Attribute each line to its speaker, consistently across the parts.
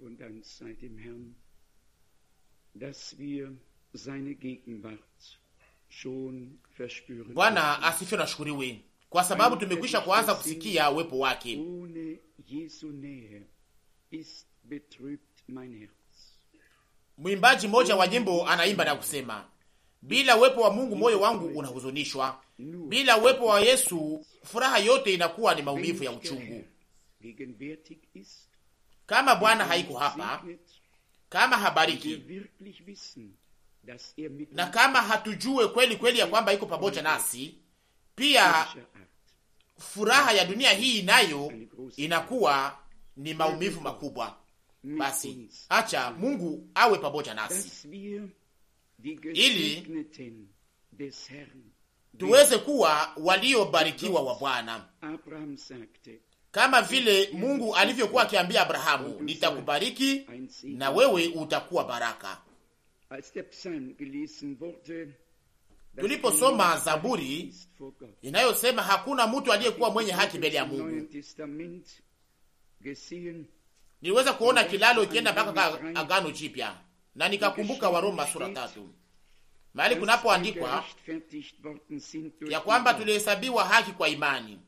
Speaker 1: Lob und Dank sei dem Herrn, dass wir seine Gegenwart schon verspüren. Bwana
Speaker 2: asifiwe na shukuriwe
Speaker 1: kwa sababu tumekwisha
Speaker 2: kuanza kusikia uwepo wake. Ohne Jesu Nähe ist betrübt mein Herz. Mwimbaji mmoja wa nyimbo anaimba na kusema, bila uwepo wa Mungu moyo wangu unahuzunishwa, bila uwepo wa Yesu furaha yote inakuwa ni maumivu ya uchungu. Gegenwärtig ist kama Bwana haiko hapa, kama habariki na kama hatujue kweli kweli ya kwamba iko pamoja nasi, pia furaha ya dunia hii nayo inakuwa ni maumivu makubwa. Basi acha Mungu awe pamoja nasi
Speaker 1: ili
Speaker 2: tuweze kuwa waliobarikiwa wa Bwana kama vile Mungu alivyokuwa akiambia Abrahamu, nitakubariki na wewe utakuwa baraka. Tuliposoma Zaburi inayosema hakuna mtu aliyekuwa mwenye haki mbele ya Mungu, niliweza kuona kilalo ikienda mpaka Agano Jipya na nikakumbuka Waroma sura tatu mahali kunapoandikwa ya kwamba tulihesabiwa haki kwa imani.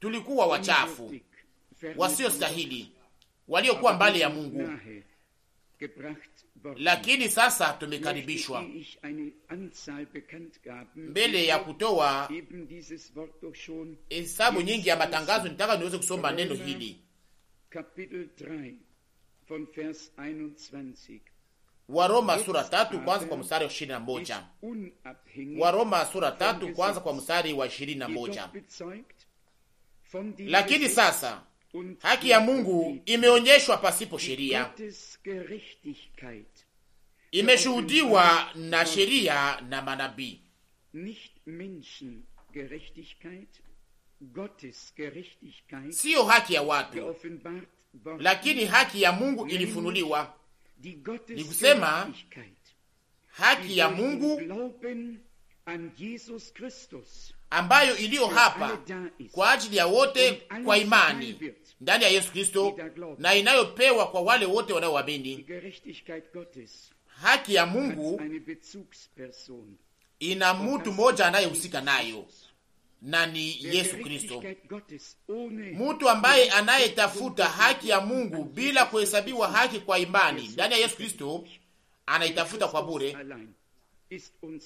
Speaker 2: Tulikuwa wachafu, wasiostahili, waliokuwa mbali ya Mungu, lakini sasa tumekaribishwa mbele ya kutoa hesabu nyingi ya matangazo. Nitaka niweze kusoma neno hili Waroma sura tatu kwanza kwa mstari wa ishirini na moja. Waroma sura tatu kwanza kwa mstari wa ishirini na moja. Lakini sasa haki ya Mungu imeonyeshwa pasipo sheria, imeshuhudiwa na sheria na manabii, siyo haki ya watu,
Speaker 1: lakini haki
Speaker 2: ya Mungu ilifunuliwa ni kusema haki ya Mungu ambayo iliyo hapa kwa ajili ya wote kwa imani ndani ya Yesu Kristo na inayopewa kwa wale wote wanaoamini. Haki ya Mungu ina mtu mmoja anayehusika nayo na ni Yesu Kristo. Mtu ambaye anayetafuta haki ya Mungu bila kuhesabiwa haki kwa imani ndani ya Yesu Kristo anaitafuta kwa bure.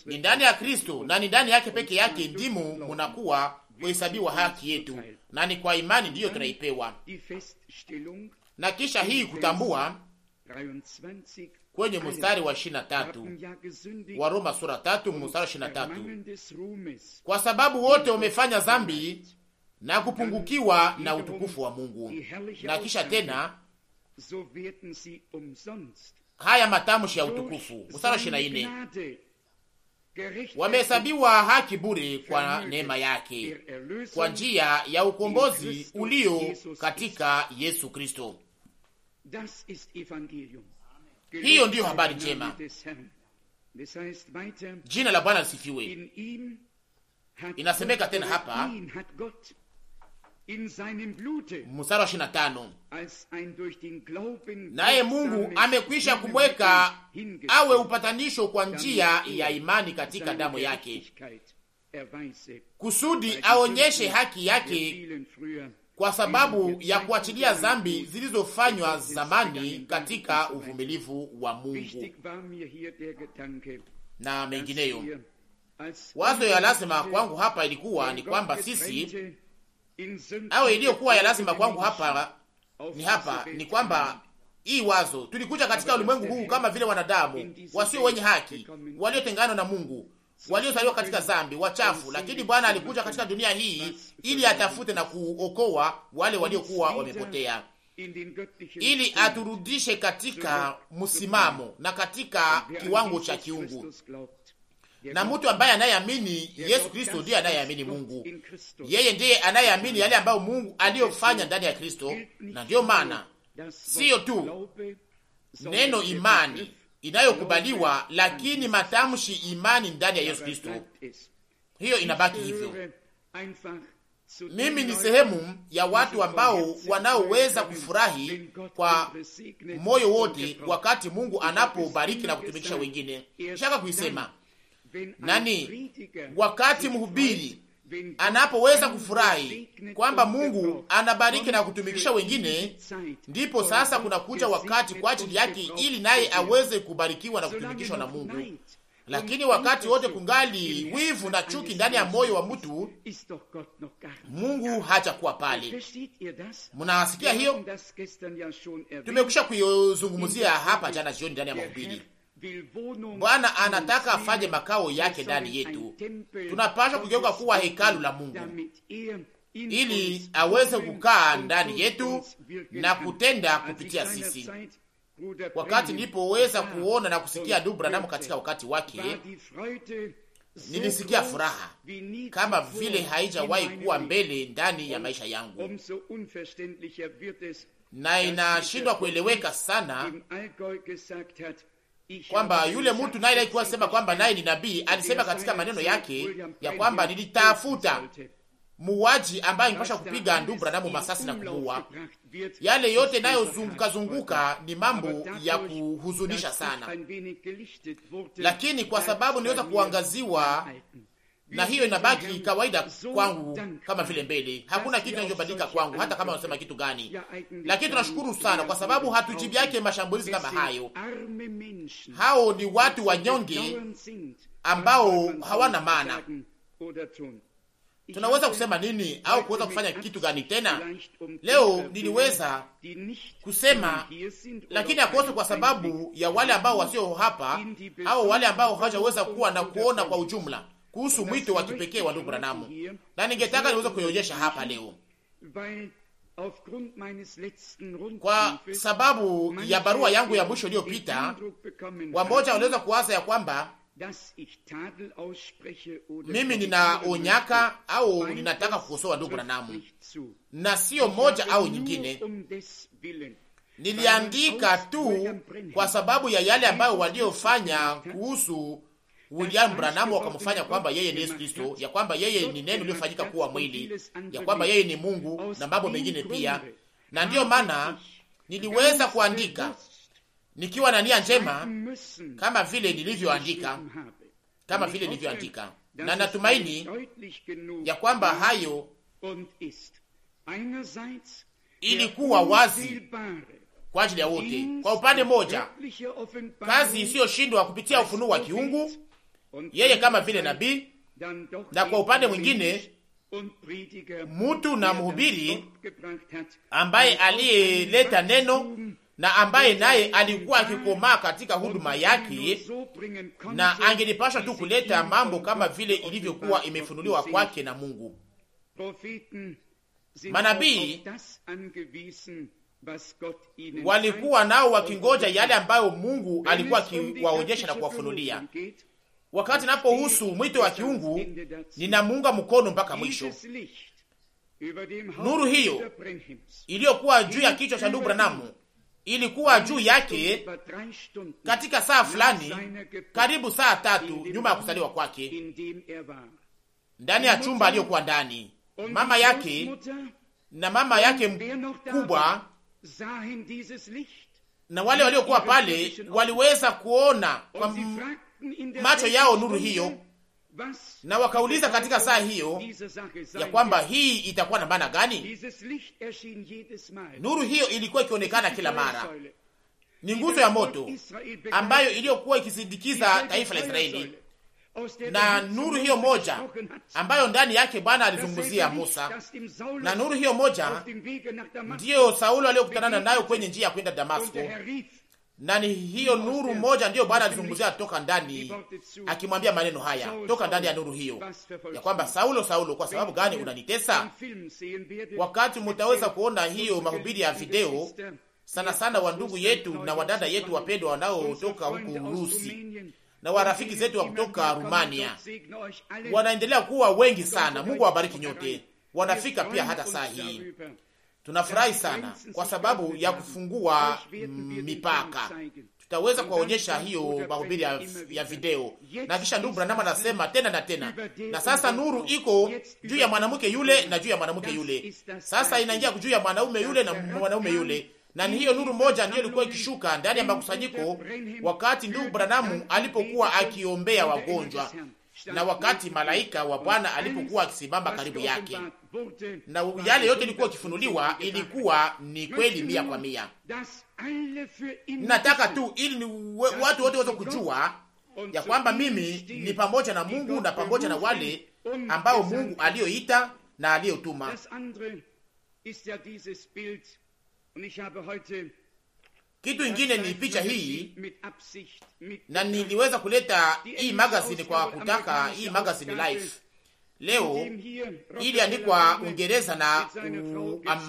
Speaker 2: Ni ndani ya Kristo na ni ndani yake peke yake ndimo munakuwa kuhesabiwa haki yetu, na ni kwa imani ndiyo tunaipewa. Na kisha hii kutambua kwenye mstari wa ishirini na tatu wa Roma sura tatu mstari wa ishirini na tatu kwa sababu wote wamefanya zambi na kupungukiwa na utukufu wa Mungu. Na kisha tena haya matamshi ya utukufu, mstari wa ishirini na
Speaker 1: nne wamehesabiwa
Speaker 2: haki bure kwa neema yake kwa njia ya ukombozi ulio katika Yesu Kristo.
Speaker 1: Hiyo ndiyo habari njema.
Speaker 2: Jina la Bwana lisifiwe. Inasemeka tena hapa mstari wa ishirini na tano naye Mungu amekwisha kumweka awe upatanisho kwa njia er ya imani katika damu yake, kusudi aonyeshe haki yake kwa sababu ya kuachilia zambi zilizofanywa zamani katika uvumilivu wa Mungu na mengineyo. Wazo ya lazima kwangu hapa ilikuwa ni kwamba sisi
Speaker 1: au iliyokuwa ya lazima kwangu
Speaker 2: hapa ni hapa ni kwamba hii wazo tulikuja katika ulimwengu huu kama vile wanadamu wasio wenye haki waliotengana na Mungu waliozaliwa katika zambi wachafu, lakini Bwana alikuja katika dunia hii ili atafute na kuokoa wale waliokuwa wamepotea, ili aturudishe katika msimamo na katika kiwango cha kiungu. Na mtu ambaye anayeamini Yesu Kristo ndiye anayeamini Mungu, yeye ndiye anayeamini yale ambayo Mungu aliyofanya ndani ya Kristo. Na ndiyo maana siyo tu neno imani inayokubaliwa, lakini matamshi imani ndani ya Yesu Kristo, hiyo inabaki hivyo. Mimi ni sehemu ya watu ambao wanaoweza kufurahi kwa moyo wote wakati Mungu anapobariki na kutumikisha wengine. Shaka kuisema
Speaker 1: nani,
Speaker 2: wakati mhubiri anapoweza kufurahi kwamba Mungu anabariki na kutumikisha wengine, ndipo sasa kunakuja wakati kwa ajili yake ili naye aweze kubarikiwa na kutumikishwa na Mungu. Lakini wakati wote kungali wivu na chuki ndani ya moyo wa mtu, Mungu hajakuwa pale. Mnasikia hiyo? Tumekwisha kuizungumzia hapa jana jioni ndani ya mahubiri. Bwana anataka afanye makao yake ndani yetu. Tunapaswa kugeuka kuwa hekalu la Mungu ili aweze kukaa ndani yetu na kutenda kupitia sisi. Wakati nilipoweza kuona na kusikia ndugu Branamu katika wakati wake, nilisikia furaha kama vile haijawahi kuwa mbele ndani ya maisha yangu, na inashindwa kueleweka sana kwamba yule mtu naye alikuwa sema kwamba naye ni nabii, alisema katika maneno yake ya kwamba nilitafuta muuaji ambaye angepasha kupiga ndugu Branham masasi na kumuua. Yale yote nayo zunguka zunguka ni mambo ya kuhuzunisha sana, lakini kwa sababu niliweza kuangaziwa na hiyo inabaki kawaida kwangu kama vile mbele. Hakuna kitu kinachobadilika kwangu, hata kama unasema kitu gani. Lakini tunashukuru sana kwa sababu hatujibi yake mashambulizi kama hayo. Hao ni watu wanyonge ambao hawana maana. Tunaweza kusema nini au kuweza kufanya kitu gani tena? Leo niliweza kusema, lakini akose kwa sababu ya wale ambao wasio hapa au wale ambao hawajaweza kuwa na kuona kwa ujumla kuhusu mwito wa kipekee wa ndugu Branham, na ningetaka niweze kuionyesha hapa leo kwa sababu ya barua yangu ya mwisho iliyopita. Wamoja waliweza kuwaza ya kwamba
Speaker 1: mimi ninaonyaka
Speaker 2: au ninataka kukosoa ndugu Branham na siyo moja au nyingine. Um Niliandika tu kwa sababu ya yale ambayo waliofanya kuhusu William Branham wakamfanya kwamba yeye ni Yesu Kristo, ya kwamba yeye ni neno lilofanyika kuwa mwili, ya kwamba yeye ni Mungu na mambo mengine pia. Na ndiyo maana niliweza kuandika nikiwa na nia njema, kama vile nilivyoandika, kama vile nilivyoandika, na natumaini ya kwamba hayo
Speaker 1: ilikuwa wazi
Speaker 2: kwa ajili ya wote. Kwa upande mmoja, kazi isiyoshindwa kupitia ufunuo wa kiungu yeye kama vile nabii, na kwa upande mwingine mtu na mhubiri ambaye aliyeleta neno na ambaye naye alikuwa akikomaa katika huduma yake, na angelipashwa tu kuleta mambo kama vile ilivyokuwa imefunuliwa kwake na Mungu.
Speaker 1: Manabii
Speaker 2: walikuwa nao wakingoja yale ambayo Mungu alikuwa akiwaonyesha na kuwafunulia. Wakati inapohusu mwito wa kiungu, ninamuunga mkono mpaka mwisho.
Speaker 1: Nuru hiyo
Speaker 2: iliyokuwa juu ya kichwa cha ndugu Branamu ilikuwa juu yake katika saa fulani, karibu saa tatu nyuma ya kusaliwa kwake, ndani ya chumba aliyokuwa ndani, mama yake na mama yake mkubwa na wale waliokuwa pale waliweza kuona kwa
Speaker 1: macho yao nuru hiyo,
Speaker 2: na wakauliza katika saa hiyo ya kwamba hii itakuwa na maana gani? Nuru hiyo ilikuwa ikionekana kila mara, ni nguzo ya moto ambayo iliyokuwa ikisindikiza taifa la Israeli,
Speaker 1: na nuru hiyo moja
Speaker 2: ambayo ndani yake Bwana alizungumzia Musa,
Speaker 1: na nuru hiyo moja ndiyo
Speaker 2: Saulo aliyokutana nayo kwenye njia ya kwenda Damasko, na ni hiyo nuru moja ndiyo Bwana alizungumzia toka ndani, akimwambia maneno haya toka ndani ya nuru hiyo ya kwamba Saulo, Saulo, kwa sababu gani unanitesa? Wakati mutaweza kuona hiyo mahubiri ya video sana sana wa ndugu yetu na wadada yetu wapendwa wanaotoka huku Urusi na warafiki zetu wa kutoka Rumania wanaendelea kuwa wengi sana. Mungu awabariki nyote, wanafika pia hata saa hii Tunafurahi sana kwa sababu ya kufungua mipaka. Tutaweza kuwaonyesha hiyo mahubiri ya, ya video. Na kisha ndugu Branham anasema tena na tena, na sasa nuru iko juu ya mwanamke yule na juu ya mwanamke yule, sasa inaingia juu ya mwanaume yule na mwanaume yule na ni hiyo nuru moja ndiyo ilikuwa ikishuka ndani ya makusanyiko wakati ndugu Branamu alipokuwa akiombea wagonjwa, na wakati malaika wa Bwana alipokuwa akisimama karibu yake, na yale yote ilikuwa ikifunuliwa, ilikuwa ni kweli mia kwa mia. Nataka tu ili ni watu wote waweze kujua ya kwamba mimi ni pamoja na Mungu na pamoja na wale ambao Mungu aliyoita na aliyotuma. Kitu ingine ni picha hii, na niliweza kuleta hii magazini kwa kutaka hii magazini live leo ili andikwa Uingereza na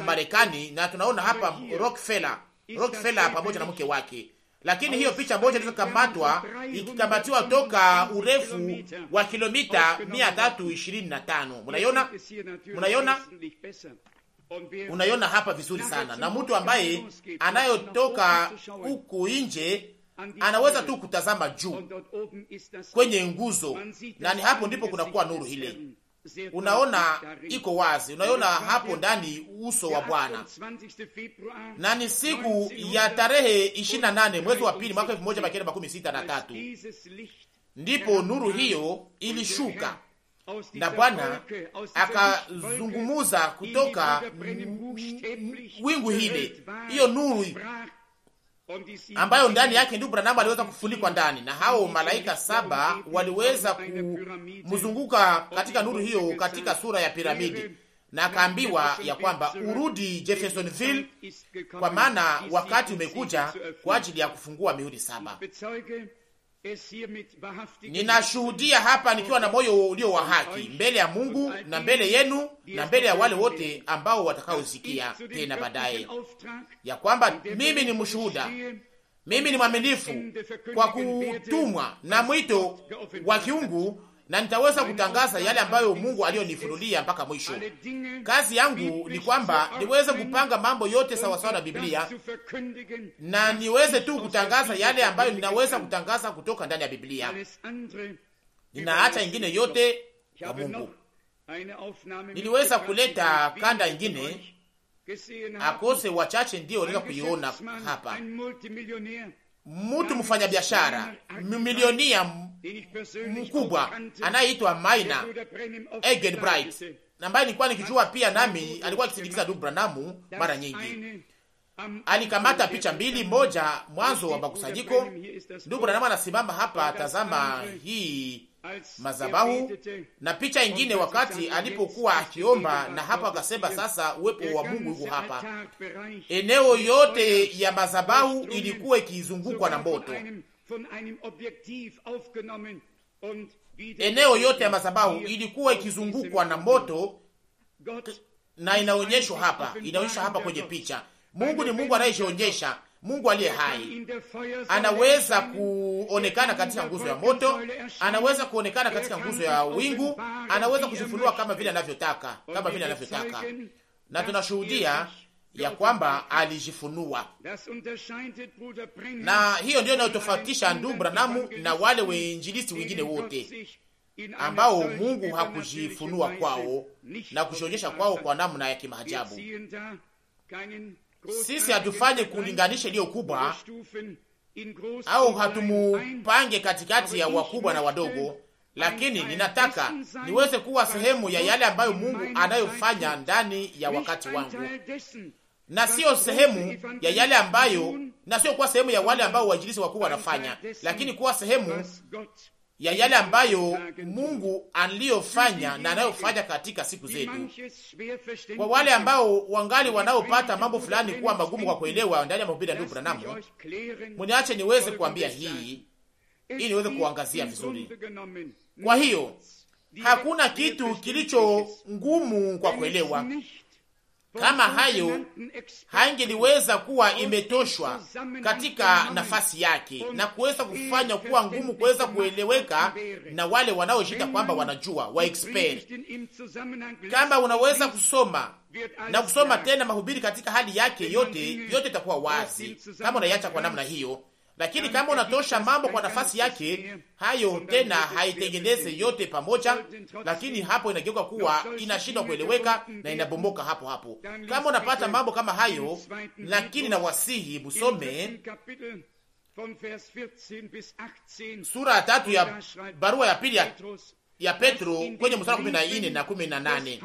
Speaker 2: Marekani, na tunaona hapa Rockefeller, Rockefeller pamoja na mke wake. Lakini hiyo picha moja ilizokamatwa ikikamatiwa toka urefu wa kilomita 325. munaiona,
Speaker 1: mnaiona Unaiona
Speaker 2: hapa vizuri sana, na mtu ambaye anayotoka huku nje anaweza tu kutazama juu kwenye nguzo, na ni hapo ndipo kunakuwa nuru hile Unaona iko wazi, unaona hapo ndani uso wa Bwana. Na ni siku ya tarehe 28 mwezi wa pili mwaka 1963 ndipo nuru hiyo ilishuka na Bwana akazungumuza kutoka wingu hile, hiyo nuru ambayo ndani yake ndio Branamu aliweza kufunikwa ndani, na hao malaika saba waliweza kumzunguka katika nuru hiyo, katika sura ya piramidi, na akaambiwa ya kwamba urudi Jeffersonville, kwa maana wakati umekuja kwa ajili ya kufungua mihuri saba. Ninashuhudia hapa nikiwa na moyo ulio wa haki mbele ya Mungu na mbele yenu na mbele ya wale wote ambao watakaosikia tena baadaye, ya kwamba mimi ni mshuhuda, mimi ni mwaminifu kwa kutumwa na mwito wa kiungu na nitaweza kutangaza yale ambayo Mungu aliyonifunulia mpaka mwisho. Kazi yangu ni kwamba niweze kupanga mambo yote sawasawa na Biblia na niweze tu kutangaza yale ambayo ninaweza kutangaza kutoka ndani ya Biblia. Ninaacha ingine yote
Speaker 1: ya Mungu. Niliweza kuleta
Speaker 2: kanda ingine akose wachache ndio waliweza kuiona hapa mtu mfanyabiashara milionia mkubwa anayeitwa Maina Bright, ambaye nilikuwa nikijua pia, nami alikuwa akisindikiza ndugu Branamu mara nyingi. Alikamata picha mbili, moja mwanzo wa makusanyiko. Ndugu Branamu anasimama hapa, tazama hii mazabahu, na picha ingine wakati alipokuwa akiomba, na hapo akasema sasa uwepo wa Mungu uko hapa. Eneo yote ya mazabahu ilikuwa ikizungukwa na moto,
Speaker 1: eneo yote ya
Speaker 2: mazabahu ilikuwa ikizungukwa na moto, na inaonyeshwa hapa, inaonyeshwa hapa kwenye picha. Mungu ni Mungu anayejionyesha Mungu aliye hai anaweza kuonekana katika nguzo ya moto, anaweza kuonekana katika nguzo ya wingu, anaweza kujifunua kama vile anavyotaka, kama vile anavyotaka, na tunashuhudia ya kwamba alijifunua, na hiyo ndiyo inayotofautisha ndugu Branamu na wale wainjilisti wengine wote ambao Mungu hakujifunua kwao na kujionyesha kwao kwa namna ya kimaajabu. Sisi hatufanye kulinganisha iliyo kubwa au hatumupange katikati ya wakubwa na wadogo, lakini ninataka niweze kuwa sehemu ya yale ambayo Mungu anayofanya ndani ya wakati wangu, na sio sehemu ya yale ambayo na sio kuwa sehemu ya wale ambao wainjilisi wakuu wanafanya, lakini kuwa sehemu ya yale ambayo Mungu aliyofanya na anayofanya katika siku zetu. Kwa wale ambao wangali wanaopata mambo fulani kuwa magumu kwa kuelewa ndani ya mahubiri ya ndugu Branamu, mniache niweze kuambia hii ili niweze kuangazia vizuri. Kwa hiyo hakuna kitu kilicho ngumu kwa kuelewa, kama hayo haingeliweza kuwa imetoshwa katika nafasi yake na kuweza kufanya kuwa ngumu kuweza kueleweka na wale wanaoshita kwamba wanajua wa expert.
Speaker 1: Kama unaweza
Speaker 2: kusoma na kusoma tena mahubiri katika hali yake yote, yote itakuwa wazi kama unaiacha kwa namna hiyo lakini kama unatosha mambo kwa nafasi yake, hayo tena haitengeneze yote pamoja, lakini hapo inageuka kuwa inashindwa kueleweka na inabomoka hapo hapo. Kama unapata mambo kama hayo, lakini na wasihi busome sura ya tatu ya barua ya pili ya, ya Petro kwenye mstari kumi na nne na kumi na nane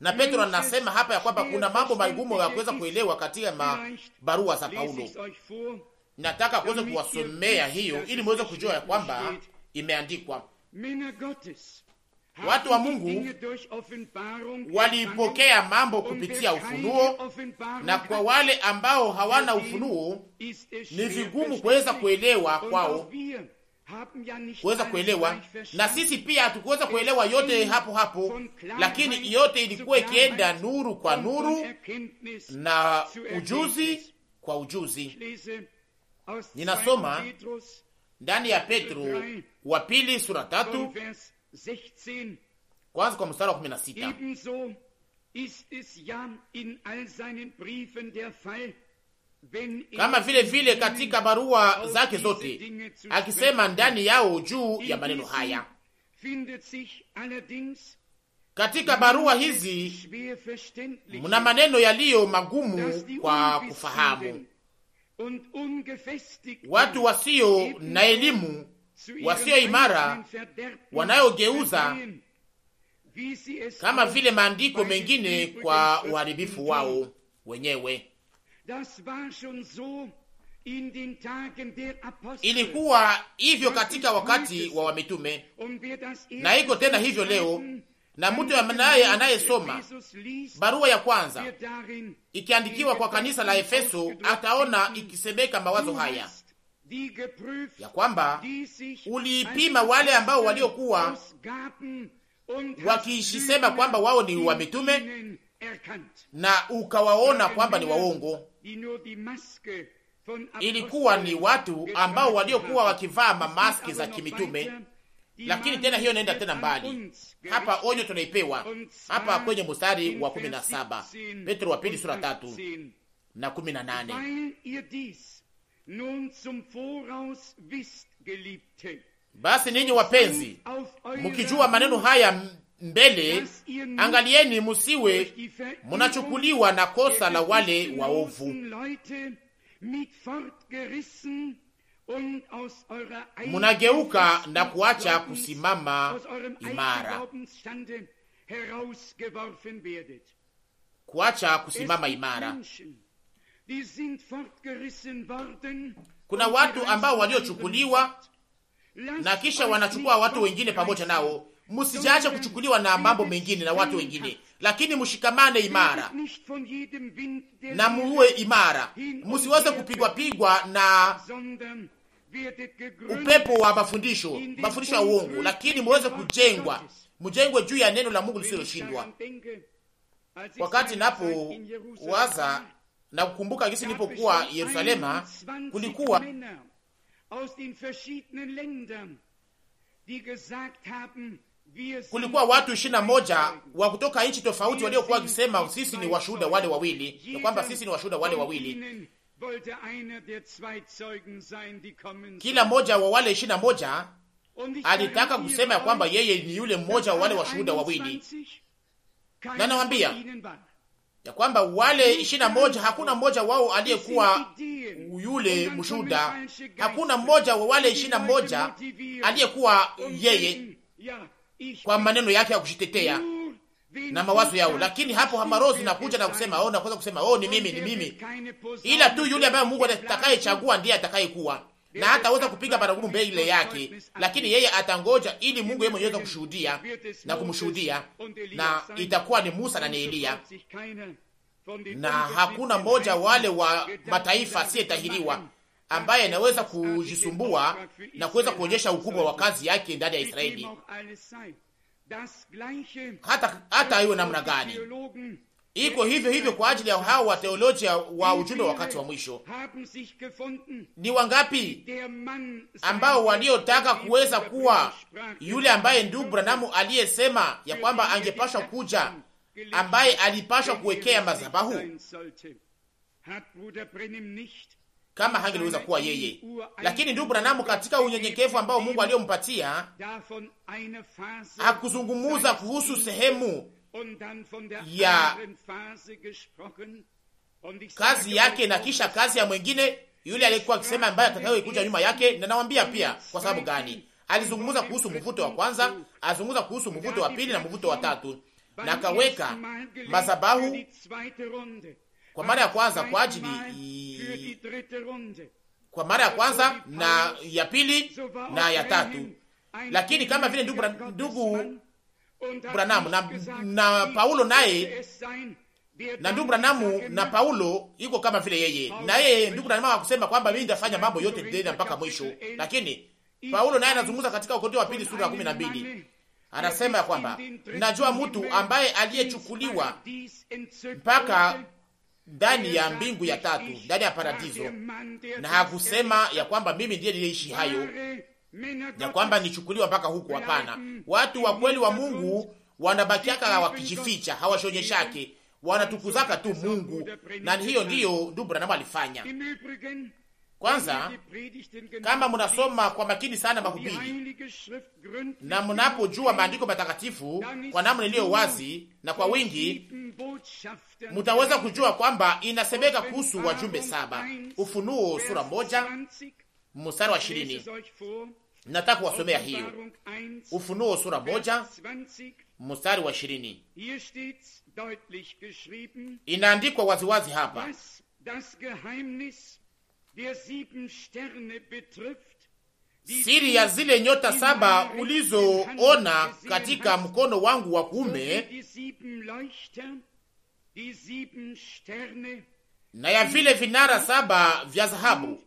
Speaker 2: na Petro anasema hapa ya kwamba kuna mambo magumu ya kuweza kuelewa katika mabarua za Paulo nataka kuweza kuwasomea hiyo ili muweze kujua ya kwamba imeandikwa watu wa Mungu walipokea mambo kupitia ufunuo, na kwa wale ambao hawana ufunuo ni vigumu kuweza kuelewa kwao,
Speaker 1: kuweza kuelewa.
Speaker 2: Na sisi pia hatukuweza kuelewa yote hapo hapo, lakini yote ilikuwa ikienda nuru kwa nuru na ujuzi kwa ujuzi. Ninasoma ndani ya Petro wa pili sura tatu kwanza kwa mstari wa kumi na sita.
Speaker 1: Kama vile vile
Speaker 2: katika barua zake zote akisema ndani yao juu ya maneno haya. Katika barua hizi mna maneno yaliyo magumu kwa kufahamu
Speaker 1: watu wasio na elimu, wasio imara, wanayogeuza
Speaker 2: kama vile maandiko mengine kwa uharibifu wao wenyewe.
Speaker 1: Ilikuwa
Speaker 2: hivyo katika wakati wa wamitume
Speaker 1: na iko tena hivyo leo
Speaker 2: na mtu anaye anayesoma barua ya kwanza ikiandikiwa kwa kanisa la Efeso ataona ikisemeka mawazo haya ya kwamba uliipima wale ambao waliokuwa
Speaker 1: wakishisema kwamba
Speaker 2: wao ni wamitume na ukawaona kwamba ni waongo. Ilikuwa ni watu ambao waliokuwa wakivaa mamaski za kimitume lakini tena hiyo naenda tena mbali hapa, onyo tunaipewa hapa kwenye mstari wa kumi na saba Petro wa pili sura tatu na kumi na nane
Speaker 1: basi ninyi wapenzi, mkijua maneno haya
Speaker 2: mbele,
Speaker 1: angalieni musiwe munachukuliwa
Speaker 2: na kosa la wale waovu
Speaker 1: munageuka na
Speaker 2: kuacha kusimama imara, kuacha kusimama imara. Kuna watu ambao waliochukuliwa na kisha wanachukua watu wengine pamoja nao. Msijaache kuchukuliwa na mambo mengine na watu wengine, lakini mshikamane imara
Speaker 1: na muwe imara, msiweze kupigwa
Speaker 2: pigwa na upepo wa mafundisho, mafundisho ya uongo, lakini muweze kujengwa, mjengwe juu ya neno la Mungu lisiloshindwa.
Speaker 1: Wakati napo waza
Speaker 2: na kukumbuka gisi nilipokuwa Yerusalema,
Speaker 1: kulikuwa kulikuwa watu
Speaker 2: ishirini na moja wa kutoka nchi tofauti waliokuwa wakisema sisi ni washuhuda wale wawili, na kwamba sisi ni washuhuda wale wawili kila mmoja wa wale ishirini na moja alitaka kusema ya kwamba yeye ni yule mmoja wa wale washuhuda wawili, na nawambia ya kwamba wale ishirini na moja hakuna mmoja wao aliyekuwa yule mshuhuda, hakuna mmoja wa wale ishirini na moja aliyekuwa yeye kwa maneno yake ya kushitetea
Speaker 1: na mawazo yao,
Speaker 2: lakini hapo maroho zinakuja na kusema oh, nakuweza kusema oh, ni mimi, ni mimi, ila tu yule ambaye Mungu atakayechagua ndiye atakayekuwa na hataweza kupiga baragumu mbele yake, lakini yeye atangoja ili Mungu yeye mwenyewe kushuhudia na kumshuhudia, na itakuwa ni Musa na ni Eliya, na hakuna mmoja wale wa mataifa asiyetahiriwa ambaye anaweza kujisumbua na kuweza kuonyesha ukubwa wa kazi yake ndani ya Israeli hata hata iwe namna gani, iko hivyo hivyo kwa ajili ya hao wa teolojia wa ujumbe wa wakati wa mwisho. Ni wangapi ambao waliotaka kuweza kuwa yule ambaye ndugu Branamu aliyesema ya kwamba angepashwa kuja, ambaye alipashwa kuwekea madhabahu kama hangeliweza kuwa yeye. Lakini ndugu Branamu, katika unyenyekevu ambao Mungu aliyompatia, akuzungumuza kuhusu sehemu
Speaker 1: ya kazi yake
Speaker 2: na kisha kazi ya mwengine yule aliyekuwa akisema ambaye atakayoikuja nyuma yake. Na nawambia pia kwa sababu gani alizungumza kuhusu mvuto wa kwanza, azungumza kuhusu mvuto wa pili na mvuto wa tatu, na akaweka
Speaker 1: mazabahu kwa mara ya kwanza kwa ajili
Speaker 2: kwa mara ya kwanza na ya pili na ya tatu. Lakini kama vile ndugu ndugu Branamu na, na Paulo naye na ndugu Branamu na Paulo iko kama vile yeye na yeye, ndugu Branamu akusema kwamba mimi nitafanya mambo yote tena mpaka mwisho, lakini Paulo naye anazungumza katika Wakorintho wa pili sura ya 12 anasema ya kwamba najua mtu ambaye aliyechukuliwa mpaka ndani ya mbingu ya tatu, ndani ya paradizo, na hakusema ya kwamba mimi ndiye niliishi hayo, ya kwamba nichukuliwa mpaka huku. Hapana, watu wa kweli wa Mungu wanabakiaka wakijificha, hawashonyeshake, wanatukuzaka tu Mungu, na hiyo ndiyo ndugu Branham alifanya. Kwanza, kama munasoma kwa makini sana mahubiri na munapojua maandiko matakatifu kwa namna iliyo wazi na kwa wingi, mutaweza kujua kwamba inasemeka kuhusu wajumbe saba. Ufunuo sura moja mstari wa ishirini. Nataka kuwasomea hiyo. Ufunuo sura moja mstari wa ishirini,
Speaker 1: inaandikwa waziwazi hapa
Speaker 2: Siri ya zile nyota saba ulizoona katika mkono wangu wa kuume na ya vile vinara saba vya dhahabu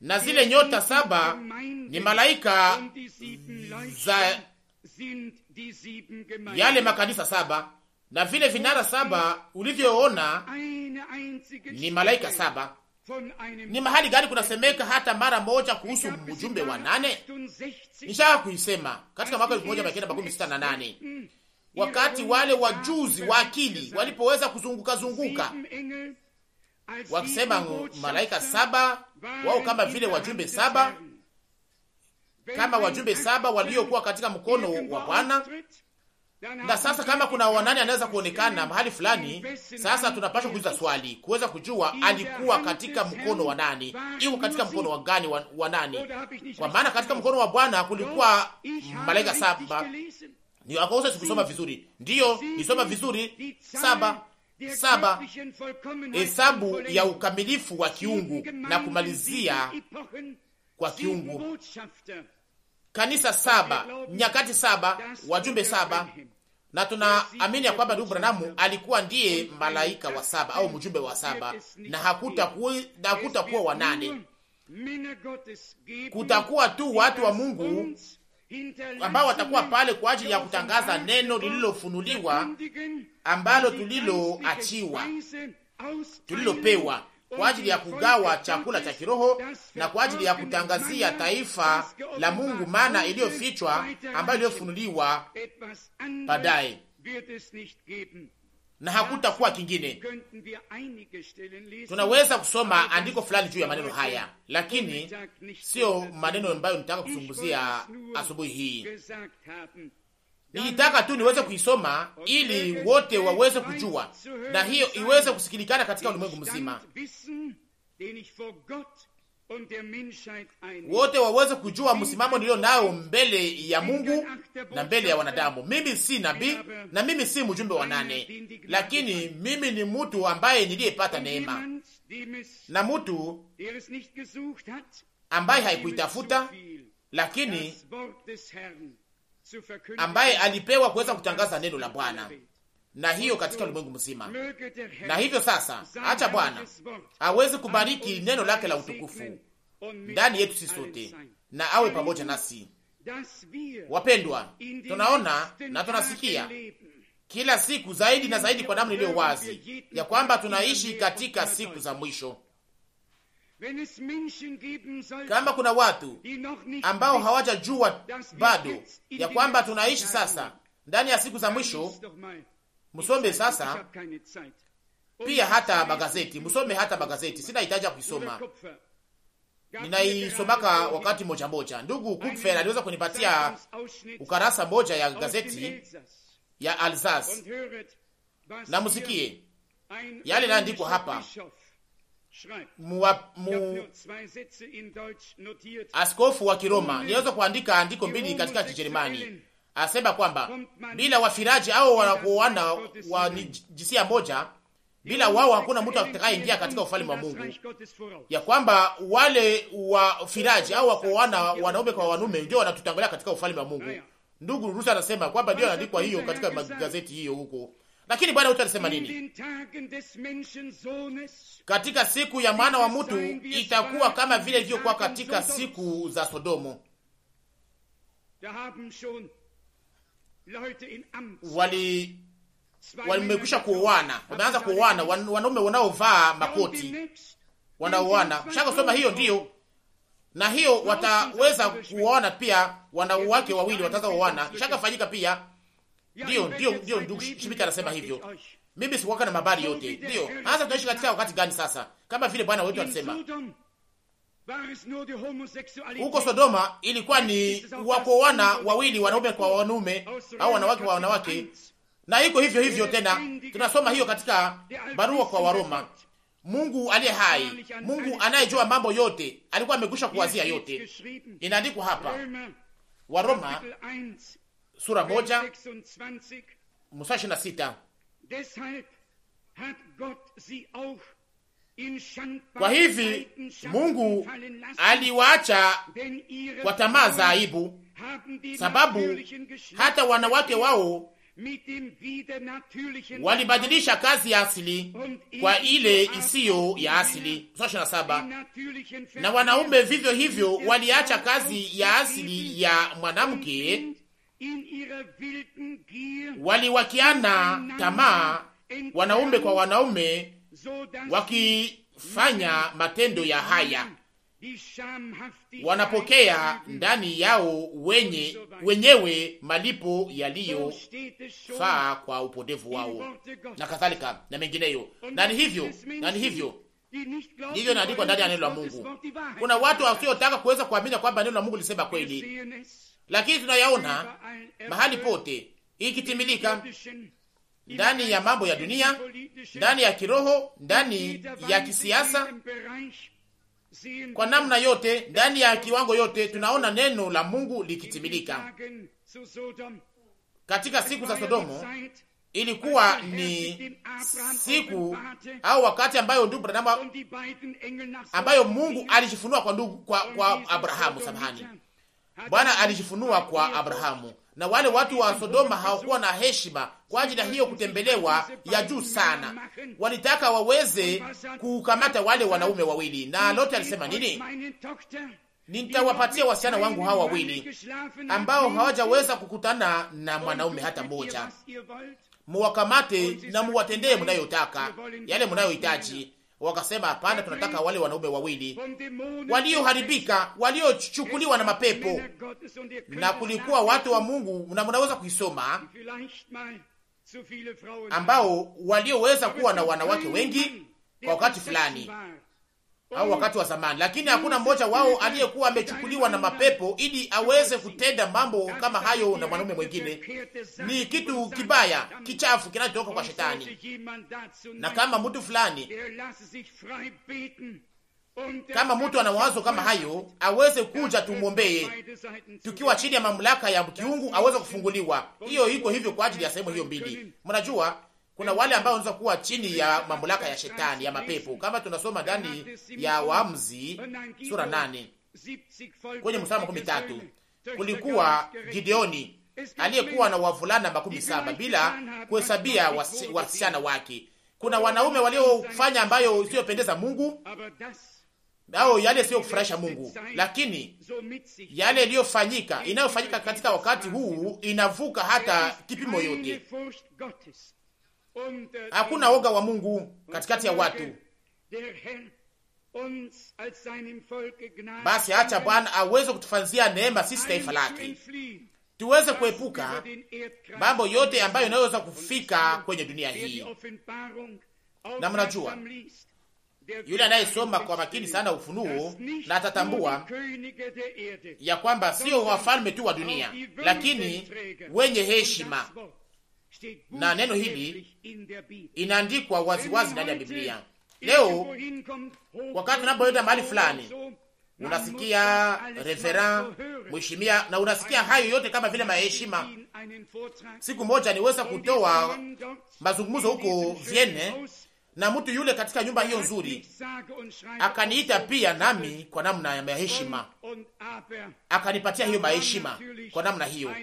Speaker 2: na zile nyota saba ni malaika za yale makanisa saba, na vile vinara saba ulivyoona ni malaika saba. Ni mahali gani kunasemeka hata mara moja kuhusu ujumbe wa nane? Nishaka kuisema katika mwaka nane wakati wale wajuzi wa akili walipoweza kuzunguka zunguka wakisema malaika saba wao kama vile wajumbe saba kama wajumbe saba waliokuwa katika mkono wa Bwana na sasa kama kuna wanani anaweza kuonekana mahali fulani, sasa tunapaswa kuuliza swali kuweza kujua alikuwa katika mkono wa nani, iko katika mkono wa gani wa nani? Kwa maana katika mkono wa Bwana kulikuwa
Speaker 1: malaika saba.
Speaker 2: Niwakosa sikusoma vizuri, ndiyo nisoma vizuri saba saba,
Speaker 1: hesabu ya
Speaker 2: ukamilifu wa kiungu na kumalizia kwa kiungu kanisa saba, nyakati saba, wajumbe saba, na tunaamini ya kwamba ndugu Branamu alikuwa ndiye malaika wa saba au mjumbe wa saba, na hakutakuwa hakuta wa nane. Kutakuwa tu watu wa Mungu ambao watakuwa pale kwa ajili ya kutangaza neno lililofunuliwa ambalo tuliloachiwa tulilopewa kwa ajili ya kugawa chakula cha kiroho na kwa ajili ya kutangazia taifa la Mungu mana iliyofichwa ambayo iliyofunuliwa baadaye, na hakutakuwa kingine. Tunaweza kusoma andiko fulani juu ya maneno haya, lakini siyo maneno ambayo nitaka kuzungumzia asubuhi hii. Nilitaka tu niweze kuisoma ili wote waweze kujua na hiyo iweze kusikilikana katika ulimwengu mzima, wote waweze kujua msimamo nilio nayo mbele ya Mungu na mbele ya wanadamu. Mimi si nabii na mimi si mjumbe wa nane, lakini mimi ni mtu ambaye niliyepata neema na mtu ambaye haikuitafuta, lakini ambaye alipewa kuweza kutangaza neno la Bwana na hiyo katika ulimwengu mzima. Na hivyo sasa, acha Bwana aweze kubariki neno lake la utukufu ndani yetu sisi sote, na awe pamoja nasi. Wapendwa,
Speaker 1: tunaona
Speaker 2: na tunasikia kila siku zaidi na zaidi, kwa namna iliyo wazi ya kwamba tunaishi katika siku za mwisho kama kuna watu
Speaker 1: ambao hawajajua bado ya kwamba
Speaker 2: tunaishi sasa ndani ya siku za mwisho, msome sasa pia hata magazeti, msome hata magazeti. Sina hitaji ya kuisoma, ninaisomaka wakati moja moja. Ndugu Kupfer aliweza kunipatia ukarasa moja ya gazeti ya Alsace,
Speaker 1: na musikie
Speaker 2: yale yanaandikwa hapa askofu wa Kiroma. Niweza kuandika andiko mbili katika Kijerumani, asema kwamba bila wafiraji au wanakuana wa jinsia moja, bila wao hakuna mtu atakayeingia katika ufalme wa Mungu, ya kwamba wale wafiraji au wakuana wanaume kwa wanume ndio wanatutangulia katika ufalme wa Mungu. Ndugu Rusa anasema kwamba ndio anaandikwa hiyo katika magazeti hiyo huko lakini Bwana wetu alisema nini? Katika siku ya mwana wa mtu itakuwa kama vile ilivyokuwa katika siku za Sodomu. Wali wamekwisha kuoana, wameanza kuoana, wanaume wanaovaa makoti wanaoana. shaka soma hiyo ndiyo na hiyo wataweza kuoana pia, wanawake wawili wataweza kuoana, fanyika pia ndio, ndio, ndio, ndugu Shimika anasema hivyo. Mimi sikuwaka na mabari yote. Ndio. Hasa tunaishi katika wakati gani sasa? Kama vile Bwana wetu anasema. Huko Sodoma ilikuwa ni wako wana wawili wanaume kwa wanaume au wanawake kwa wanawake. Na iko hivyo hivyo tena. Tunasoma hiyo katika barua kwa Waroma. Mungu aliye hai, Mungu anayejua mambo yote, alikuwa amekwisha kuwazia yote.
Speaker 1: Inaandikwa hapa.
Speaker 2: Waroma sura moja mstari ishirini na sita. Kwa hivi Mungu aliwaacha kwa tamaa za aibu, sababu hata wanawake wao walibadilisha kazi ya asili kwa ile isiyo ya asili. saba. Na wanaume vivyo hivyo waliacha kazi ya asili ya mwanamke waliwakiana tamaa
Speaker 1: wanaume kwa
Speaker 2: wanaume, wakifanya matendo ya haya, wanapokea ndani yao wenye wenyewe malipo yaliyofaa kwa upotevu wao, na kadhalika na mengineyo. Nani ni hivyo Nani hivyo
Speaker 1: hivyo inaandikwa ndani ya neno la Mungu. Kuna watu
Speaker 2: wasiotaka kuweza kuamini kwamba neno la Mungu lisema kweli lakini tunayaona mahali pote ikitimilika ndani ya mambo ya dunia, ndani ya kiroho, ndani ya kisiasa,
Speaker 1: kwa namna yote,
Speaker 2: ndani ya kiwango yote, tunaona neno la Mungu likitimilika. Katika siku za Sodomo ilikuwa ni siku au wakati ambayo ndugu Branham ambayo Mungu alijifunua kwa ndugu kwa, kwa Abrahamu, samahani Bwana alijifunua kwa Abrahamu, na wale watu wa Sodoma hawakuwa na heshima kwa ajili ya hiyo kutembelewa ya juu sana. Walitaka waweze kukamata wale wanaume wawili, na Loti alisema nini? Nitawapatia wasichana wangu hawa wawili ambao hawajaweza kukutana na mwanaume hata mmoja, muwakamate na muwatendee mnayotaka, yale mnayohitaji Wakasema hapana, tunataka wale wanaume wawili
Speaker 1: walioharibika,
Speaker 2: waliochukuliwa na mapepo.
Speaker 1: Na kulikuwa watu wa
Speaker 2: Mungu, na mnaweza kuisoma,
Speaker 1: ambao
Speaker 2: walioweza kuwa na wanawake wengi kwa wakati fulani, au mm. wakati wa zamani, lakini hakuna mm. mmoja wao aliyekuwa amechukuliwa na mapepo ili aweze kutenda mambo kama hayo na mwanaume mwingine. Ni kitu kibaya kichafu kinachotoka kwa Shetani, na kama mtu fulani
Speaker 1: kama mtu ana wazo kama hayo
Speaker 2: aweze kuja tumwombee, tukiwa chini ya mamlaka ya kiungu aweze kufunguliwa. Hiyo iko hivyo kwa ajili ya sehemu hiyo mbili. Mnajua kuna wale ambao wanaweza kuwa chini ya mamlaka ya shetani ya mapepo, kama tunasoma ndani ya Waamuzi sura nane kwenye mstari makumi tatu. Kulikuwa Gideoni aliyekuwa na wavulana makumi saba bila kuhesabia wasichana wake. Kuna wanaume waliofanya ambayo isiyopendeza Mungu au yale sio kufurahisha Mungu, lakini yale iliyofanyika inayofanyika katika wakati huu inavuka hata kipimo yote Hakuna woga wa Mungu katikati ya watu. Basi acha Bwana aweze kutufanzia neema sisi taifa lake, tuweze kuepuka mambo yote ambayo inayoweza kufika kwenye dunia hii. Na mnajua yule anayesoma kwa makini sana Ufunuo na atatambua ya kwamba sio wafalme tu wa dunia, lakini wenye heshima na neno hili inaandikwa waziwazi ndani ya Biblia. Leo wakati unapoenda mahali fulani, unasikia refera mheshimia, na unasikia hayo yote kama vile maheshima. Siku moja niweza kutoa mazungumzo huko Vienne na mtu yule katika nyumba hiyo nzuri akaniita pia nami kwa namna ya maheshima, akanipatia hiyo maheshima kwa namna hiyo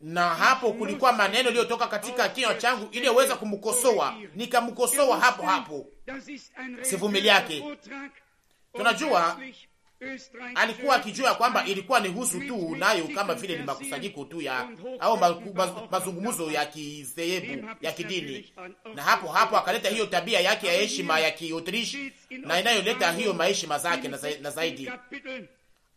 Speaker 2: na hapo kulikuwa maneno iliyotoka katika kinywa changu iliyoweza kumkosoa, nikamkosoa hapo hapo,
Speaker 1: sivumili yake.
Speaker 2: Tunajua
Speaker 1: alikuwa akijua
Speaker 2: kwamba ilikuwa ni husu tu, nayo kama vile ni makusanyiko tu ya au mazungumzo ya kisehebu ya kidini, na hapo hapo akaleta hiyo tabia yake ya heshima ya kiotrishi na inayoleta hiyo maheshima zake na zaidi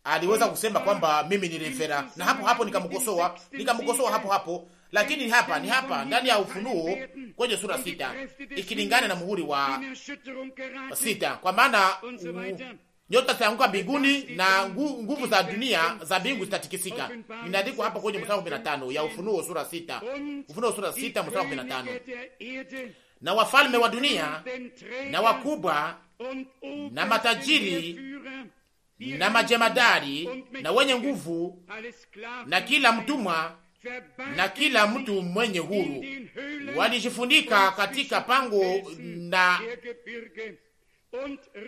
Speaker 2: aliweza kusema kwamba mimi ni refera, na hapo hapo nikamkosoa, nikamkosoa hapo hapo. Lakini hapa, ni hapa ndani ya Ufunuo kwenye sura sita ikilingana na muhuri wa sita, kwa maana nyota zitaanguka mbinguni na nguvu za dunia za mbingu zitatikisika. Inaandikwa hapa kwenye mstari wa 15 ya Ufunuo sura sita, Ufunuo sura sita mstari wa 15. Na wafalme wa dunia na wakubwa
Speaker 1: na matajiri
Speaker 2: na majemadari na wenye nguvu na kila mtumwa na kila mtu mwenye huru walijifunika katika pango na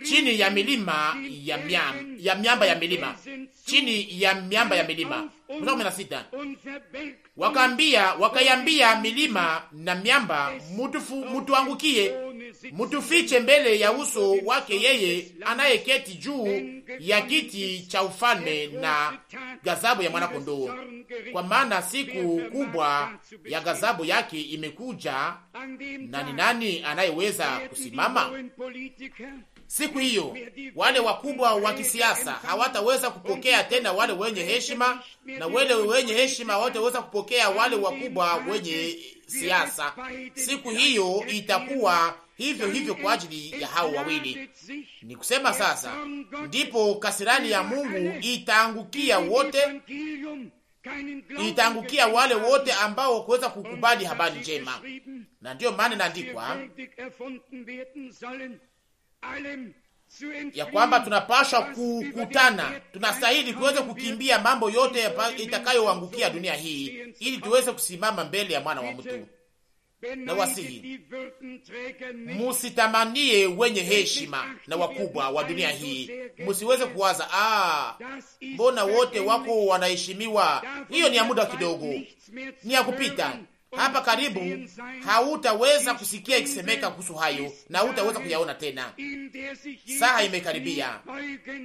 Speaker 2: chini ya milima ya miamba ya miamba ya milima chini ya miamba ya milima. kumi na sita
Speaker 1: wakaambia
Speaker 2: wakaiambia milima na miamba, mutufu mutuangukie mutufiche mbele ya uso wake yeye anayeketi juu ya kiti cha ufalme na gazabu ya mwanakondoo, kwa maana siku kubwa ya gazabu yake imekuja, na ni nani anayeweza kusimama? Siku hiyo wale wakubwa wa kisiasa hawataweza kupokea tena wale wenye heshima, na wale wenye heshima hawataweza kupokea wale wakubwa wenye siasa. Siku hiyo itakuwa hivyo hivyo kwa ajili ya hao wawili. Ni kusema sasa, ndipo kasirani ya Mungu itaangukia wote, itaangukia wale wote ambao kuweza kukubali habari njema, na ndiyo maana inaandikwa ya kwamba tunapashwa kukutana, tunastahili kuweza kukimbia mambo yote itakayoangukia dunia hii, ili tuweze kusimama mbele ya mwana wa mtu
Speaker 1: na wasihi,
Speaker 2: musitamanie wenye heshima na wakubwa wa dunia hii, musiweze kuwaza ah, mbona wote wako wanaheshimiwa. Hiyo ni ya muda kidogo, ni ya kupita hapa karibu hautaweza kusikia ikisemeka kuhusu hayo na hautaweza kuyaona tena. Saha imekaribia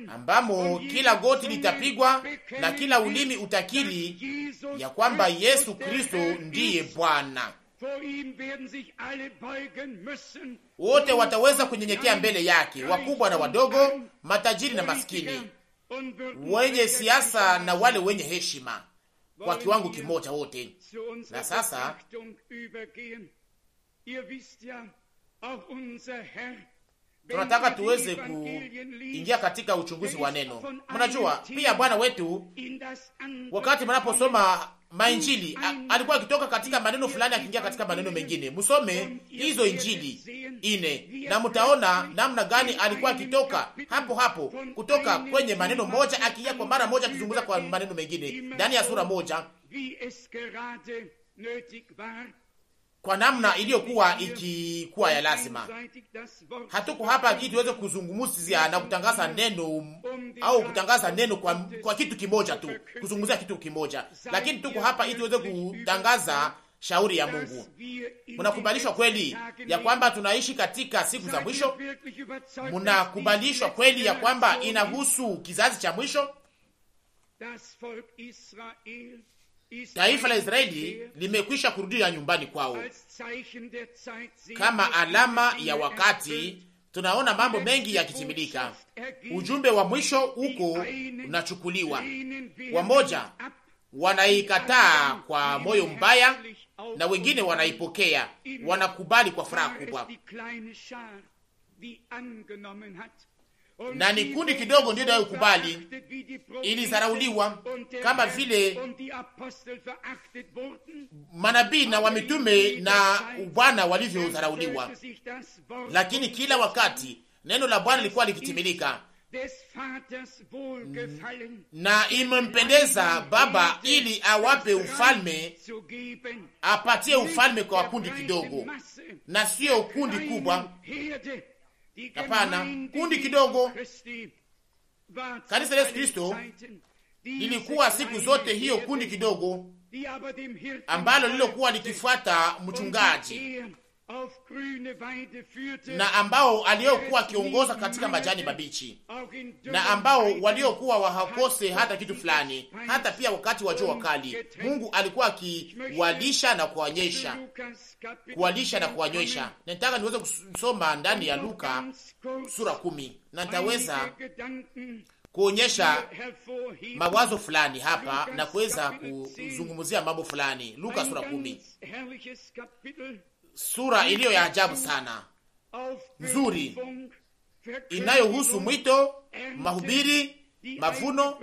Speaker 2: ambamo kila goti litapigwa na kila ulimi utakiri ya kwamba Yesu Kristo ndiye Bwana wote wataweza kunyenyekea mbele yake, wakubwa na wadogo, matajiri na maskini, wenye siasa na wale wenye heshima, kwa kiwango kimoja wote.
Speaker 1: Na sasa
Speaker 2: tunataka tuweze kuingia katika uchunguzi wa neno. Mnajua pia Bwana wetu wakati mnaposoma mainjili alikuwa akitoka katika maneno fulani akiingia katika maneno mengine. Msome hizo injili ine na mtaona namna gani alikuwa akitoka hapo hapo kutoka kwenye maneno moja akiingia kwa mara moja akizungumza kwa maneno mengine ndani ya sura moja kwa namna iliyokuwa ikikuwa ya lazima. Hatuko hapa ili tuweze kuzungumzia na kutangaza neno au kutangaza neno kwa, kwa kitu kimoja tu, kuzungumzia kitu kimoja, lakini tuko hapa ili tuweze kutangaza shauri ya Mungu.
Speaker 1: Munakubalishwa kweli ya kwamba
Speaker 2: tunaishi katika siku za mwisho? Munakubalishwa kweli ya kwamba inahusu kizazi cha mwisho?
Speaker 1: taifa la Israeli
Speaker 2: limekwisha kurudia nyumbani kwao kama alama ya wakati. Tunaona mambo mengi yakitimilika. Ujumbe wa mwisho huko unachukuliwa. Wamoja wanaikataa kwa moyo mbaya, na wengine wanaipokea, wanakubali kwa furaha kubwa
Speaker 1: na ni kundi kidogo ndio inayokubali. Ilizarauliwa kama vile
Speaker 2: manabii na wamitume na Bwana walivyozarauliwa, lakini kila wakati neno la Bwana lilikuwa likitimilika mm. na imempendeza Baba ili awape ufalme, apatie ufalme kwa kundi kidogo na sio kundi kubwa
Speaker 1: Hapana, kundi kidogo. Kanisa la Yesu Kristo lilikuwa siku zote hiyo kundi kidogo ambalo lilokuwa
Speaker 2: likifuata mchungaji
Speaker 1: na ambao aliyokuwa akiongoza
Speaker 2: katika majani mabichi, na ambao waliokuwa wahakose hata kitu fulani, hata pia wakati wa jua kali Mungu alikuwa akiwalisha na kuwanyesha, kuwalisha na kuwanywesha. Nataka niweze kusoma ndani ya Luka sura kumi na nitaweza
Speaker 1: mm. kuonyesha mawazo
Speaker 2: fulani hapa na kuweza kuzungumzia mambo fulani. Luka sura kumi
Speaker 1: sura iliyo ya ajabu
Speaker 2: sana nzuri,
Speaker 1: inayohusu mwito,
Speaker 2: mahubiri, mavuno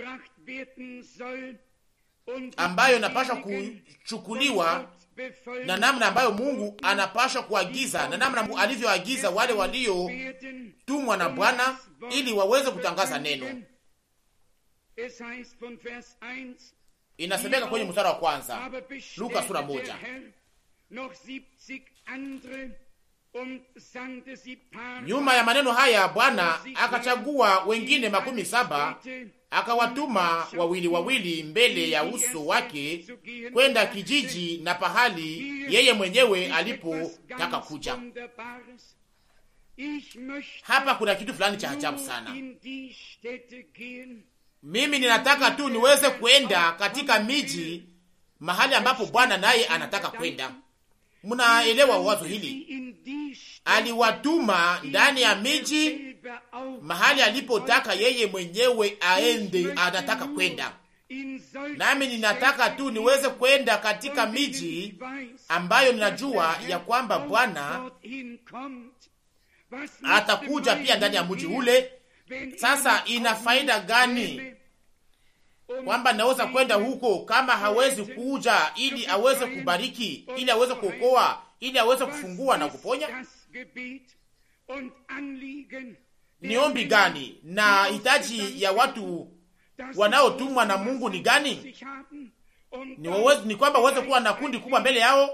Speaker 1: ambayo inapashwa
Speaker 2: kuchukuliwa na namna ambayo Mungu anapashwa kuagiza na namna alivyoagiza wale
Speaker 1: waliotumwa
Speaker 2: na Bwana ili waweze kutangaza neno. Inasemeka kwenye mstari wa kwanza Luka sura moja
Speaker 1: Nyuma ya maneno haya Bwana
Speaker 2: akachagua wengine makumi saba akawatuma wawili wawili mbele ya uso wake kwenda kijiji na pahali yeye mwenyewe alipotaka kuja. Hapa kuna kitu fulani cha ajabu sana. Mimi ninataka tu niweze kwenda katika miji mahali ambapo Bwana naye anataka kwenda Mnaelewa wazo hili? Aliwatuma ndani ya miji mahali alipotaka yeye mwenyewe aende, anataka kwenda nami ninataka tu niweze kwenda katika miji ambayo ninajua ya kwamba Bwana atakuja pia ndani ya mji ule. Sasa ina faida gani kwamba naweza kwenda huko, kama hawezi kuja ili aweze kubariki, ili aweze kuokoa, ili aweze kufungua na kuponya? Ni ombi gani na hitaji ya watu
Speaker 1: wanaotumwa na
Speaker 2: Mungu ni gani? Ni, ni kwamba waweze kuwa na kundi kubwa mbele yao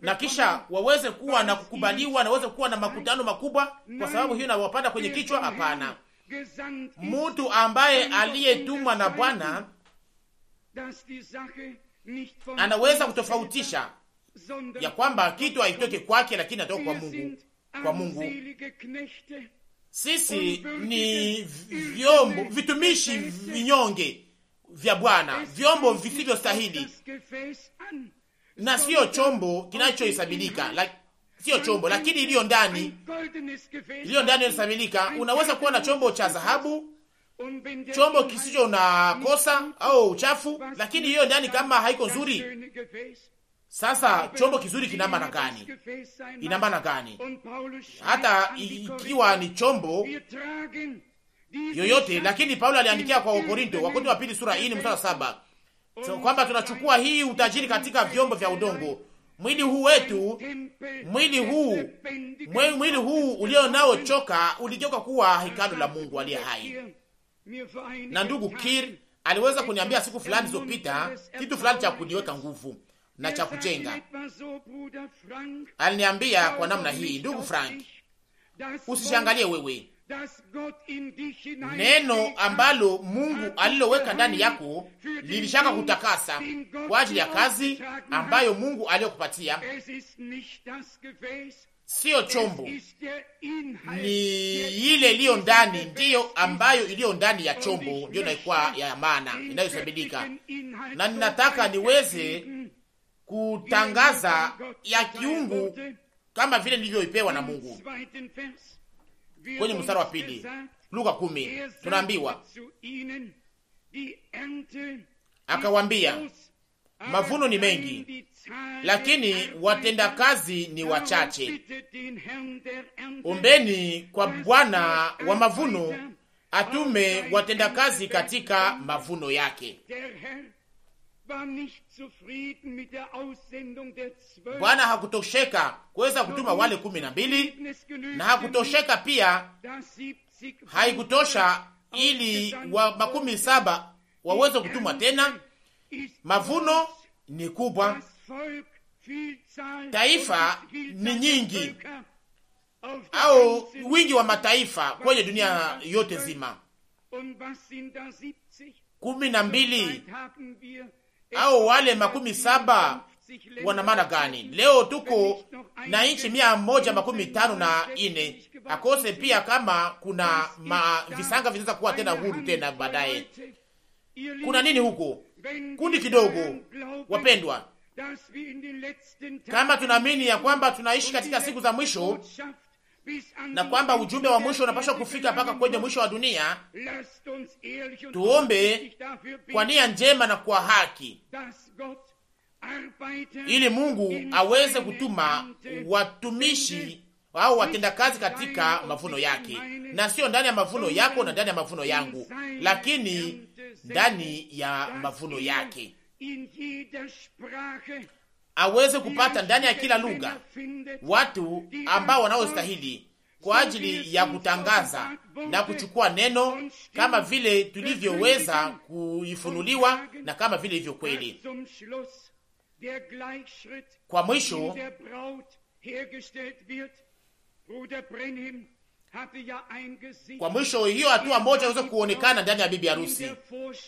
Speaker 2: na kisha waweze kuwa na kukubaliwa na waweze kuwa na makutano makubwa, kwa sababu hiyo nawapanda kwenye kichwa? Hapana
Speaker 1: mutu ambaye aliyetumwa na Bwana anaweza
Speaker 2: kutofautisha ya kwamba kitu haitoke kwake, lakini atoka kwa Mungu. Kwa Mungu sisi ni vyombo vitumishi vinyonge vya Bwana, vyombo visivyostahili na siyo chombo kinachohesabilika, sio chombo, lakini iliyo ndani, iliyo ndani inasamilika. Unaweza kuwa na chombo cha dhahabu, chombo kisicho na kosa au uchafu, lakini hiyo ndani kama haiko nzuri sasa chombo kizuri kina maana gani? Ina maana gani? Hata ikiwa ni chombo yoyote, lakini Paulo aliandikia kwa Wakorinto, Wakorinto wa pili sura hii ni mstari wa saba, so, kwamba tunachukua hii utajiri katika vyombo vya udongo mwili huu wetu, mwili huu, mwili huu ulio nao choka uligeuka kuwa hekalu la Mungu aliye hai. Na ndugu Kir aliweza kuniambia siku fulani zilizopita kitu fulani cha kuniweka nguvu na cha kujenga. Aliniambia kwa namna hii, ndugu Frank,
Speaker 1: usishangalie wewe neno
Speaker 2: ambalo Mungu aliloweka ndani yako
Speaker 1: lilishaka
Speaker 2: kutakasa kwa ajili ya kazi ambayo Mungu aliyokupatia. Siyo chombo, ni ile iliyo ndani, ndiyo ambayo iliyo ndani ya chombo, ndiyo inaikuwa ya maana inayosabidika, na ninataka niweze mm-hmm. kutangaza ya kiungu kama vile nilivyoipewa na Mungu
Speaker 1: kwenye mstari wa pili,
Speaker 2: Luka kumi, tunaambiwa akawambia, mavuno ni mengi, lakini watendakazi ni wachache. Ombeni kwa Bwana wa mavuno atume watendakazi katika mavuno yake. Bwana hakutosheka kuweza kutuma wale kumi na mbili,
Speaker 1: na hakutosheka pia, haikutosha
Speaker 2: ili wa makumi saba waweze kutumwa tena. Mavuno ni kubwa,
Speaker 1: taifa
Speaker 2: ni nyingi, au wingi wa mataifa kwenye dunia yote zima kumi na mbili au wale makumi saba wana maana gani? Leo tuko na nchi mia moja makumi tano na ine akose pia, kama kuna visanga vinaweza kuwa tena huru tena baadaye.
Speaker 1: Kuna nini huko kundi kidogo? Wapendwa, kama tunaamini ya
Speaker 2: kwamba tunaishi katika siku za mwisho, na kwamba ujumbe wa mwisho unapaswa kufika mpaka kwenye mwisho wa dunia.
Speaker 1: Tuombe kwa nia njema
Speaker 2: na kwa haki, ili Mungu aweze kutuma watumishi au watendakazi katika mavuno yake, na sio ndani ya mavuno yako na ndani ya mavuno yangu, lakini ndani ya mavuno yake aweze kupata ndani ya kila lugha watu ambao wanaostahili kwa ajili ya kutangaza na kuchukua neno kama vile tulivyoweza kuifunuliwa na kama vile ilivyo kweli.
Speaker 1: Kwa mwisho kwa mwisho, hiyo hatua moja iweze
Speaker 2: kuonekana ndani ya bibi harusi.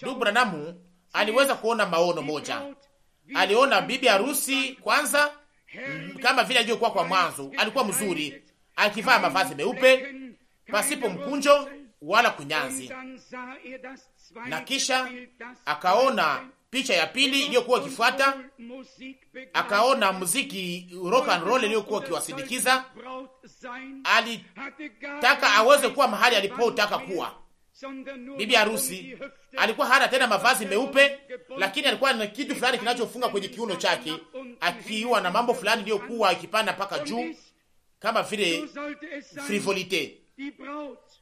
Speaker 2: Ndugu Branamu aliweza kuona maono moja aliona bibi harusi kwanza, kama vile alivyokuwa kwa mwanzo, alikuwa mzuri akivaa mavazi meupe pasipo mkunjo wala kunyanzi.
Speaker 1: Na kisha
Speaker 2: akaona picha ya pili iliyokuwa ikifuata, akaona muziki rock and roll iliyokuwa ikiwasindikiza. Alitaka aweze kuwa mahali alipotaka kuwa
Speaker 1: bibi harusi
Speaker 2: alikuwa hana tena mavazi meupe, lakini alikuwa na kitu fulani kinachofunga kwenye kiuno chake, akiwa na mambo fulani iliyokuwa akipanda mpaka juu kama vile
Speaker 1: frivolite,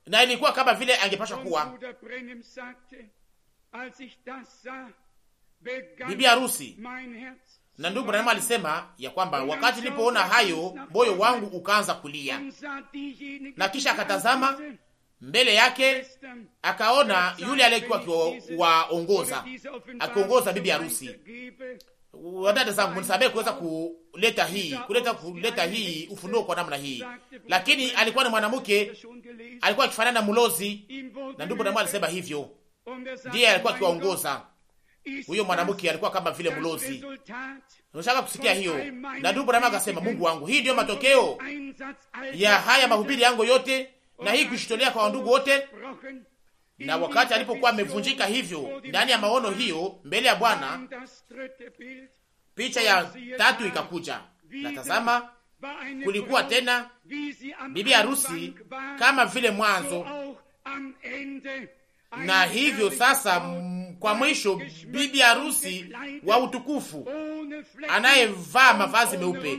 Speaker 2: na ilikuwa kama vile angepashwa kuwa
Speaker 1: bibi harusi.
Speaker 2: Na ndugu Branham alisema ya kwamba wakati nilipoona hayo, moyo wangu ukaanza kulia, na kisha akatazama mbele yake akaona yule aliyekuwa akiwaongoza
Speaker 1: akiongoza bibi harusi.
Speaker 2: Wadada zangu, mnisamehe kuweza kuleta hii kuleta kuleta hii ufunuo kwa namna hii, lakini alikuwa ni mwanamke, alikuwa akifanana na mlozi, na ndipo na alisema hivyo, ndiye alikuwa akiwaongoza huyo mwanamke alikuwa kama vile mlozi. Unashaka kusikia hiyo? Na ndugu Branham akasema, Mungu wangu, hii ndiyo matokeo
Speaker 1: ya haya mahubiri
Speaker 2: yangu yote na hii kujitolea kwa wandugu wote. Na wakati alipokuwa amevunjika hivyo ndani ya maono hiyo mbele ya Bwana,
Speaker 1: picha ya tatu
Speaker 2: ikakuja, na tazama,
Speaker 1: kulikuwa tena
Speaker 2: bibi harusi kama vile mwanzo na hivyo sasa, kwa mwisho, bibi harusi wa utukufu
Speaker 1: anayevaa mavazi meupe,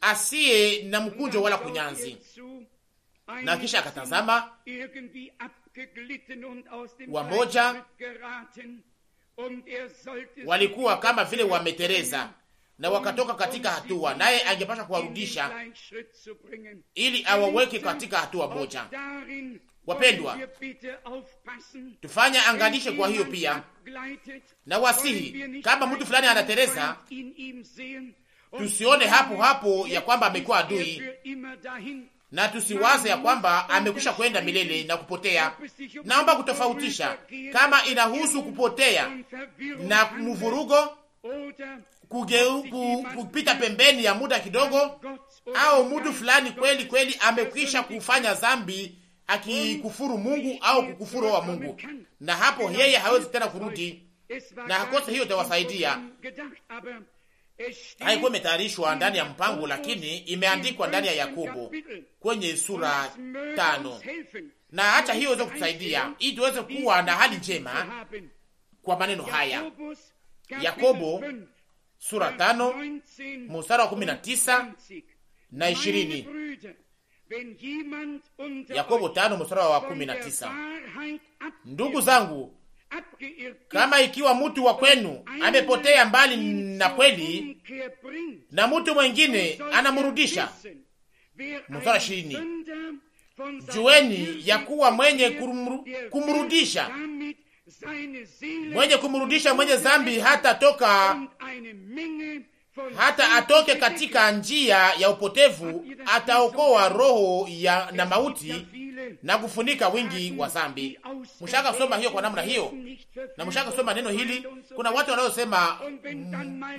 Speaker 2: asiye na mkunjo wala kunyanzi
Speaker 1: na kisha akatazama, wamoja er walikuwa kama vile wametereza
Speaker 2: na wakatoka um er katika hatua, naye angepasha kuwarudisha
Speaker 1: ili awaweke katika hatua moja.
Speaker 2: Wapendwa, tufanya angalishe. Kwa hiyo pia na wasihi, kama mtu fulani anatereza,
Speaker 1: tusione hapo er
Speaker 2: hapo ya kwamba amekuwa adui na tusiwaze ya kwamba amekwisha kwenda milele na kupotea. Naomba kutofautisha kama inahusu kupotea na mvurugo, kugeu, kupita pembeni ya muda kidogo, au mtu fulani kweli kweli amekwisha kufanya zambi akikufuru Mungu au kukufuru wa Mungu, na hapo yeye hawezi tena kurudi, na hakosa hiyo itawasaidia haikuwa imetayarishwa ndani ya mpango, lakini imeandikwa ndani ya Yakobo kwenye sura tano. Na hata hiyo iweze kutusaidia ili tuweze kuwa na hali njema kwa maneno haya, Yakobo sura tano mstari wa kumi na tisa na ishirini. Yakobo tano mstari wa kumi na tisa. Ndugu zangu, kama ikiwa mtu wa kwenu amepotea mbali na kweli, na mtu mwengine anamrudisha. Mstari ishirini, jueni ya kuwa mwenye kumrudisha mwenye kumrudisha mwenye zambi hata toka hata atoke katika njia ya upotevu, ataokoa roho ya na mauti na kufunika wingi wa zambi. Mshaka kusoma hiyo kwa namna hiyo, na mshaka soma neno hili. Kuna watu wanaosema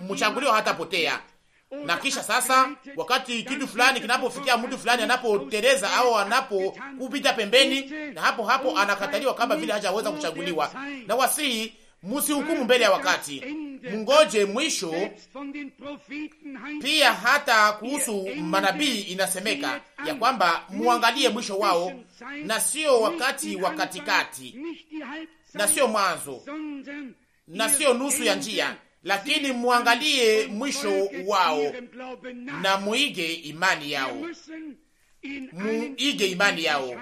Speaker 2: mchagulio hatapotea, na kisha sasa, wakati kitu fulani kinapofikia mtu fulani, anapoteleza au anapopita pembeni, na hapo hapo anakataliwa kama vile hajaweza kuchaguliwa, na wasihi musihukumu mbele ya wakati, mungoje mwisho. Pia hata kuhusu manabii inasemeka ya kwamba muangalie mwisho wao, na sio wakati wa katikati, na sio mwanzo, na sio nusu ya njia, lakini muangalie mwisho wao na muige imani yao, muige imani yao.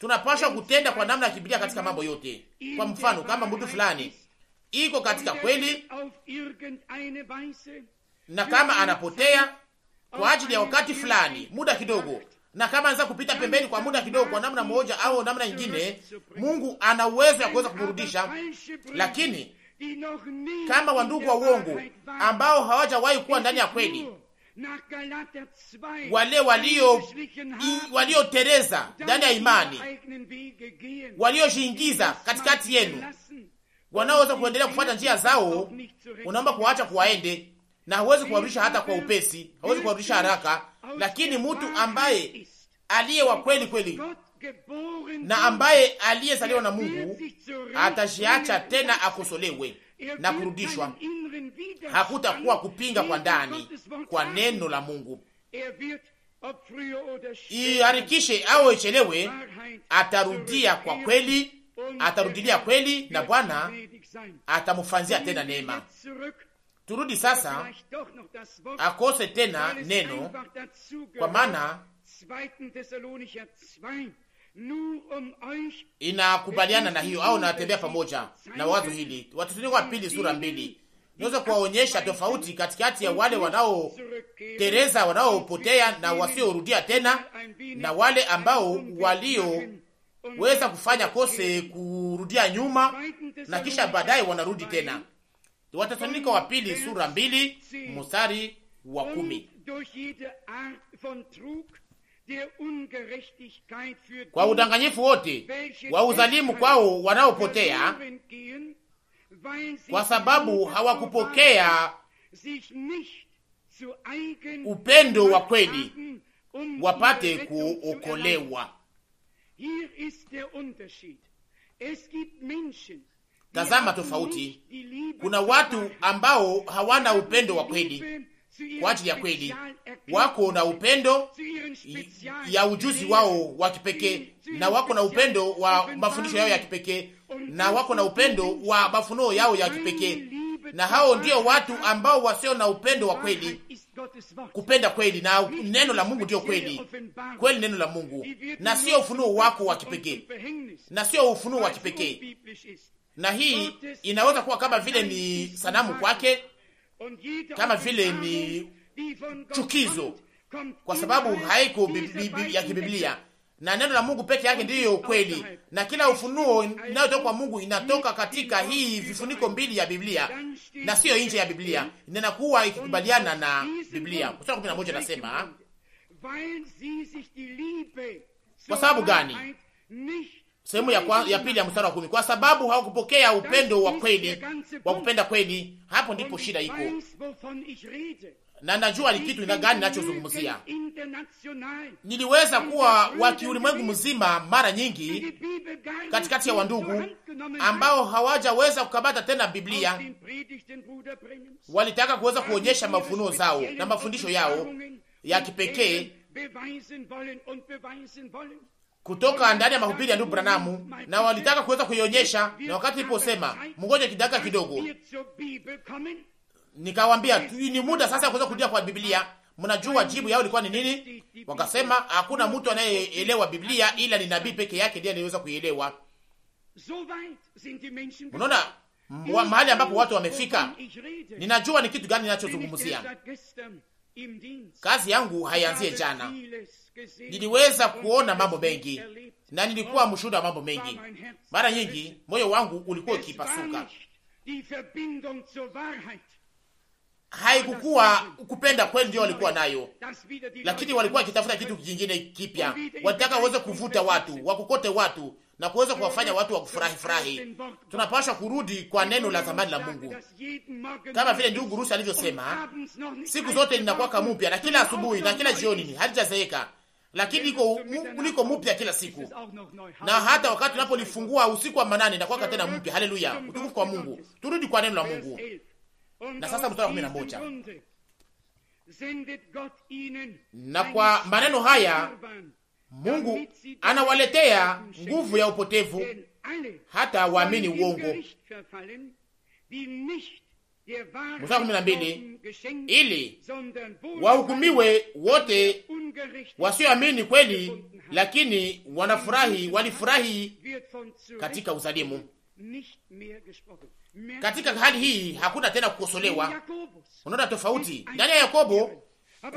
Speaker 2: tunapasha kutenda kwa namna ya Biblia katika mambo yote. Kwa mfano, kama mtu fulani iko katika kweli, na kama anapotea kwa ajili ya wakati fulani, muda kidogo, na kama anaweza kupita pembeni kwa muda kidogo, kwa namna moja au namna nyingine, Mungu ana uwezo ya kuweza kumrudisha. Lakini kama wandugu wa uongo ambao hawajawahi kuwa ndani ya kweli,
Speaker 1: wale walio
Speaker 2: waliotereza ndani ya imani, waliojiingiza katikati yenu wanaoweza kuendelea kufuata njia zao, unaomba kuwaacha kuwaende, na huwezi kuwarudisha hata kwa upesi, hawezi kuwarudisha haraka. Lakini mtu ambaye aliye wa kweli kweli na ambaye aliyezaliwa na Mungu atashiacha tena akosolewe
Speaker 1: na kurudishwa. Hakutakuwa
Speaker 2: kupinga kwa ndani kwa neno la Mungu, iharikishe au ichelewe, atarudia kwa kweli atarudilia kweli na Bwana atamufanzia tena neema. Turudi sasa,
Speaker 1: akose tena neno, kwa maana
Speaker 2: inakubaliana na hiyo au natembea pamoja na wazo hili. Wathesalonike pili sura mbili naweza kuwaonyesha tofauti katikati ya wale wanaotereza wanaopotea na wasiorudia tena na wale ambao walio weza kufanya kose kurudia nyuma na kisha baadaye wanarudi tena. Wathesalonike wa pili sura mbili mstari wa kumi.
Speaker 1: Kwa udanganyifu wote wa uzalimu kwao wanaopotea, kwa sababu
Speaker 2: hawakupokea
Speaker 1: upendo wa kweli,
Speaker 2: wapate kuokolewa. Tazama tofauti, kuna watu ambao hawana upendo wa kweli kwa ajili ya kweli, wako na upendo ya ujuzi wao wa kipekee, na wako na upendo wa mafundisho yao ya kipekee, na wako na upendo wa mafunuo yao ya kipekee, na hao ndio watu ambao wasio na upendo wa kweli kupenda kweli na neno la Mungu ndiyo kweli, kweli neno la Mungu, na sio ufunuo wako wa kipekee, na sio ufunuo wa kipekee. Na hii inaweza kuwa kama vile ni sanamu kwake, kama vile ni chukizo, kwa sababu haiko ya kibiblia na neno la Mungu peke yake ndiyo ukweli, na kila ufunuo inayotoka kwa Mungu inatoka katika hii vifuniko mbili ya Biblia na siyo nje ya Biblia, inakuwa ikikubaliana na Biblia. Mstari kumi na moja nasema kwa sababu gani? Sehemu ya, kwa, ya pili ya mstari wa kumi, kwa sababu hawakupokea upendo wa kweli wa kupenda kweli. Hapo ndipo shida iko na najua ni kitu na gani nachozungumzia. Niliweza kuwa wa kiulimwengu mzima mara nyingi katikati ya wandugu ambao hawajaweza kukamata tena Biblia, walitaka kuweza kuonyesha mafunuo zao na mafundisho yao ya kipekee kutoka ndani ya mahubiri ya ndugu Branamu, na walitaka kuweza kuionyesha, na wakati iliposema mngoje kidaka kidogo Nikawambia ni muda sasa kuweza kurudia kwa Biblia. Mnajua jibu yao ilikuwa ni nini? Wakasema hakuna mtu anayeelewa Biblia ila ni nabii peke yake ndiye anayeweza kuielewa. Unaona mahali ambapo watu wamefika. Ninajua ni kitu gani ninachozungumzia. Kazi yangu haianzie jana. Niliweza kuona mambo mengi na nilikuwa mshuhuda wa mambo mengi. Mara nyingi moyo wangu ulikuwa ukipasuka haikukuwa kupenda kweli ndio walikuwa nayo, lakini walikuwa wakitafuta kitu kingine kipya. Walitaka waweze kuvuta watu wakukote watu na kuweza kuwafanya watu wakufurahi furahi. Tunapaswa kurudi kwa neno la zamani la Mungu,
Speaker 1: kama vile ndugu Rusi alivyosema,
Speaker 2: siku zote linakuwa mpya, na kila asubuhi na kila jioni, halijazeeka lakini iko liko mpya kila siku, na hata wakati unapolifungua usiku wa manane inakuwa tena mpya. Haleluya, utukufu kwa Mungu. Turudi kwa neno la Mungu.
Speaker 1: Na sasa mstari wa 11,
Speaker 2: na kwa maneno haya Mungu anawaletea nguvu ya upotevu hata waamini uongo.
Speaker 1: Mstari kumi na mbili, ili wahukumiwe wote
Speaker 2: wasioamini kweli, lakini wanafurahi walifurahi katika uzalimu.
Speaker 1: Katika hali hii
Speaker 2: hakuna tena kukosolewa. Unaona tofauti ndani ya Yakobo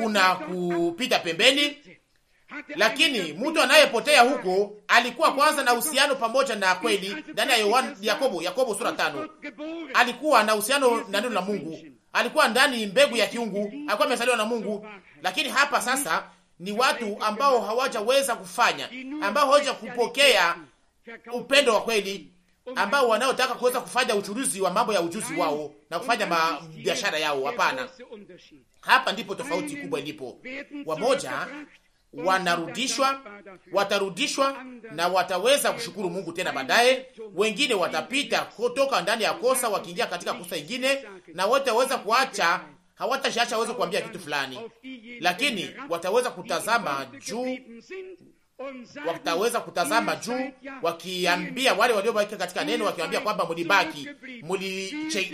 Speaker 2: kuna kupita pembeni, lakini mtu anayepotea huko alikuwa kwanza na uhusiano pamoja na kweli. Ndani ya Yohana, Yakobo, Yakobo sura tano, alikuwa na uhusiano na neno la Mungu, alikuwa ndani mbegu ya kiungu, alikuwa amezaliwa na Mungu. Lakini hapa sasa ni watu ambao hawajaweza kufanya, ambao hawajaweza kupokea upendo wa kweli ambao wanaotaka kuweza kufanya uchuruzi wa mambo ya ujuzi wao na kufanya biashara yao. Hapana, hapa ndipo tofauti kubwa ilipo. Wamoja wanarudishwa, watarudishwa na wataweza kushukuru Mungu tena baadaye. Wengine watapita kutoka ndani ya kosa wakiingia katika kosa ingine, na wote waweza kuacha e hawatashacha waweze kuambia kitu fulani, e lakini wataweza e kutazama juu wataweza kutazama juu, wakiambia wale waliobaki katika neno, wakiambia kwamba mulibaki,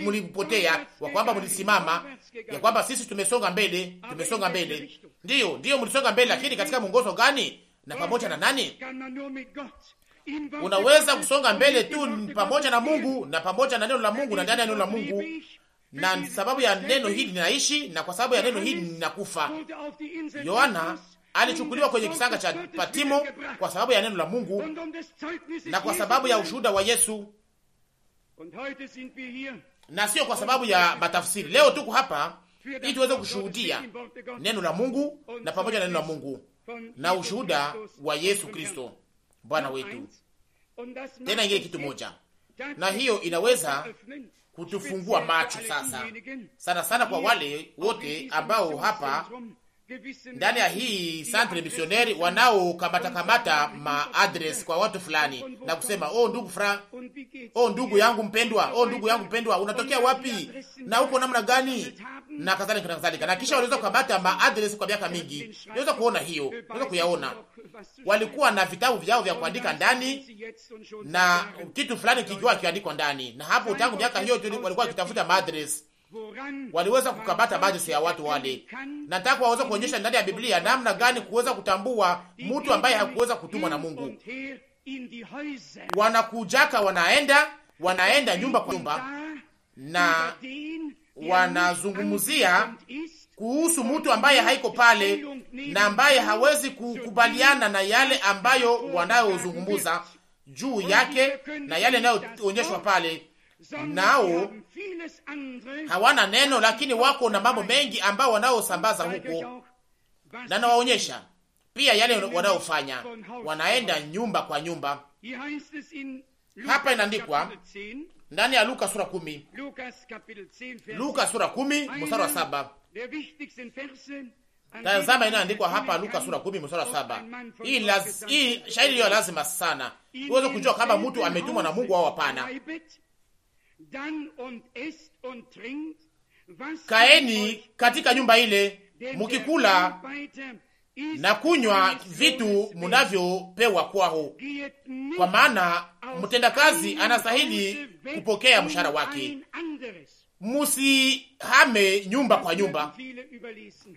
Speaker 2: mulipotea, wa kwamba mulisimama, ya kwamba sisi tumesonga mbele, tumesonga mbele. Ndiyo, ndiyo, mulisonga mbele, lakini katika mwongozo gani na pamoja na nani?
Speaker 1: Unaweza kusonga mbele tu
Speaker 2: pamoja na Mungu na pamoja na neno la Mungu na ndani ya neno la Mungu na sababu ya neno hili ninaishi na kwa sababu ya neno hili ninakufa.
Speaker 1: Yohana alichukuliwa kwenye kisanga cha Patimo kwa sababu ya neno la Mungu na kwa sababu ya ushuhuda wa
Speaker 2: Yesu na sio kwa sababu ya matafsiri. Leo tuko hapa ili tuweze kushuhudia neno la Mungu na pamoja na neno la Mungu
Speaker 1: na ushuhuda
Speaker 2: wa Yesu Kristo Bwana wetu.
Speaker 1: Tena ingine kitu moja, na hiyo inaweza
Speaker 2: kutufungua macho sasa sana sana kwa wale wote ambao hapa ndani ya hii santre missionnaire wanaokamata kamata maadres kwa watu fulani na kusema oh, ndugu fra, oh, ndugu yangu mpendwa, oh, ndugu yangu mpendwa, unatokea wapi na uko namna gani na kadhalika na kadhalika. Na kisha waliweza kukamata maadres kwa miaka mingi. Unaweza kuona hiyo, unaweza kuyaona. Walikuwa na vitabu vyao vya kuandika ndani na kitu fulani kikiwa kiandikwa ndani, na hapo tangu miaka hiyo walikuwa wakitafuta maadres waliweza kukamata macho ya watu wale. Nataka waweze kuonyesha ndani ya Biblia namna gani kuweza kutambua mtu ambaye hakuweza kutumwa na Mungu. Wanakujaka, wanaenda wanaenda nyumba kwa nyumba, na wanazungumzia kuhusu mtu ambaye haiko pale na ambaye hawezi kukubaliana na yale ambayo wanayozungumza juu yake na yale yanayoonyeshwa pale
Speaker 1: nao
Speaker 2: hawana neno, lakini wako na mambo mengi ambao wanaosambaza huko, na nawaonyesha pia yale wanaofanya. Wanaenda nyumba kwa nyumba. Hapa inaandikwa ndani ya Luka sura kumi, Luka sura kumi mstari wa saba. Tazama inaandikwa hapa Luka sura kumi mstari wa saba. Hii laz, hii shahidi liyo lazima sana uweze kujua kama mtu ametumwa na Mungu au hapana kaeni katika nyumba ile mukikula na kunywa vitu munavyopewa kwaho, kwa maana mtendakazi anastahili kupokea um mshahara wake. Musihame nyumba kwa nyumba.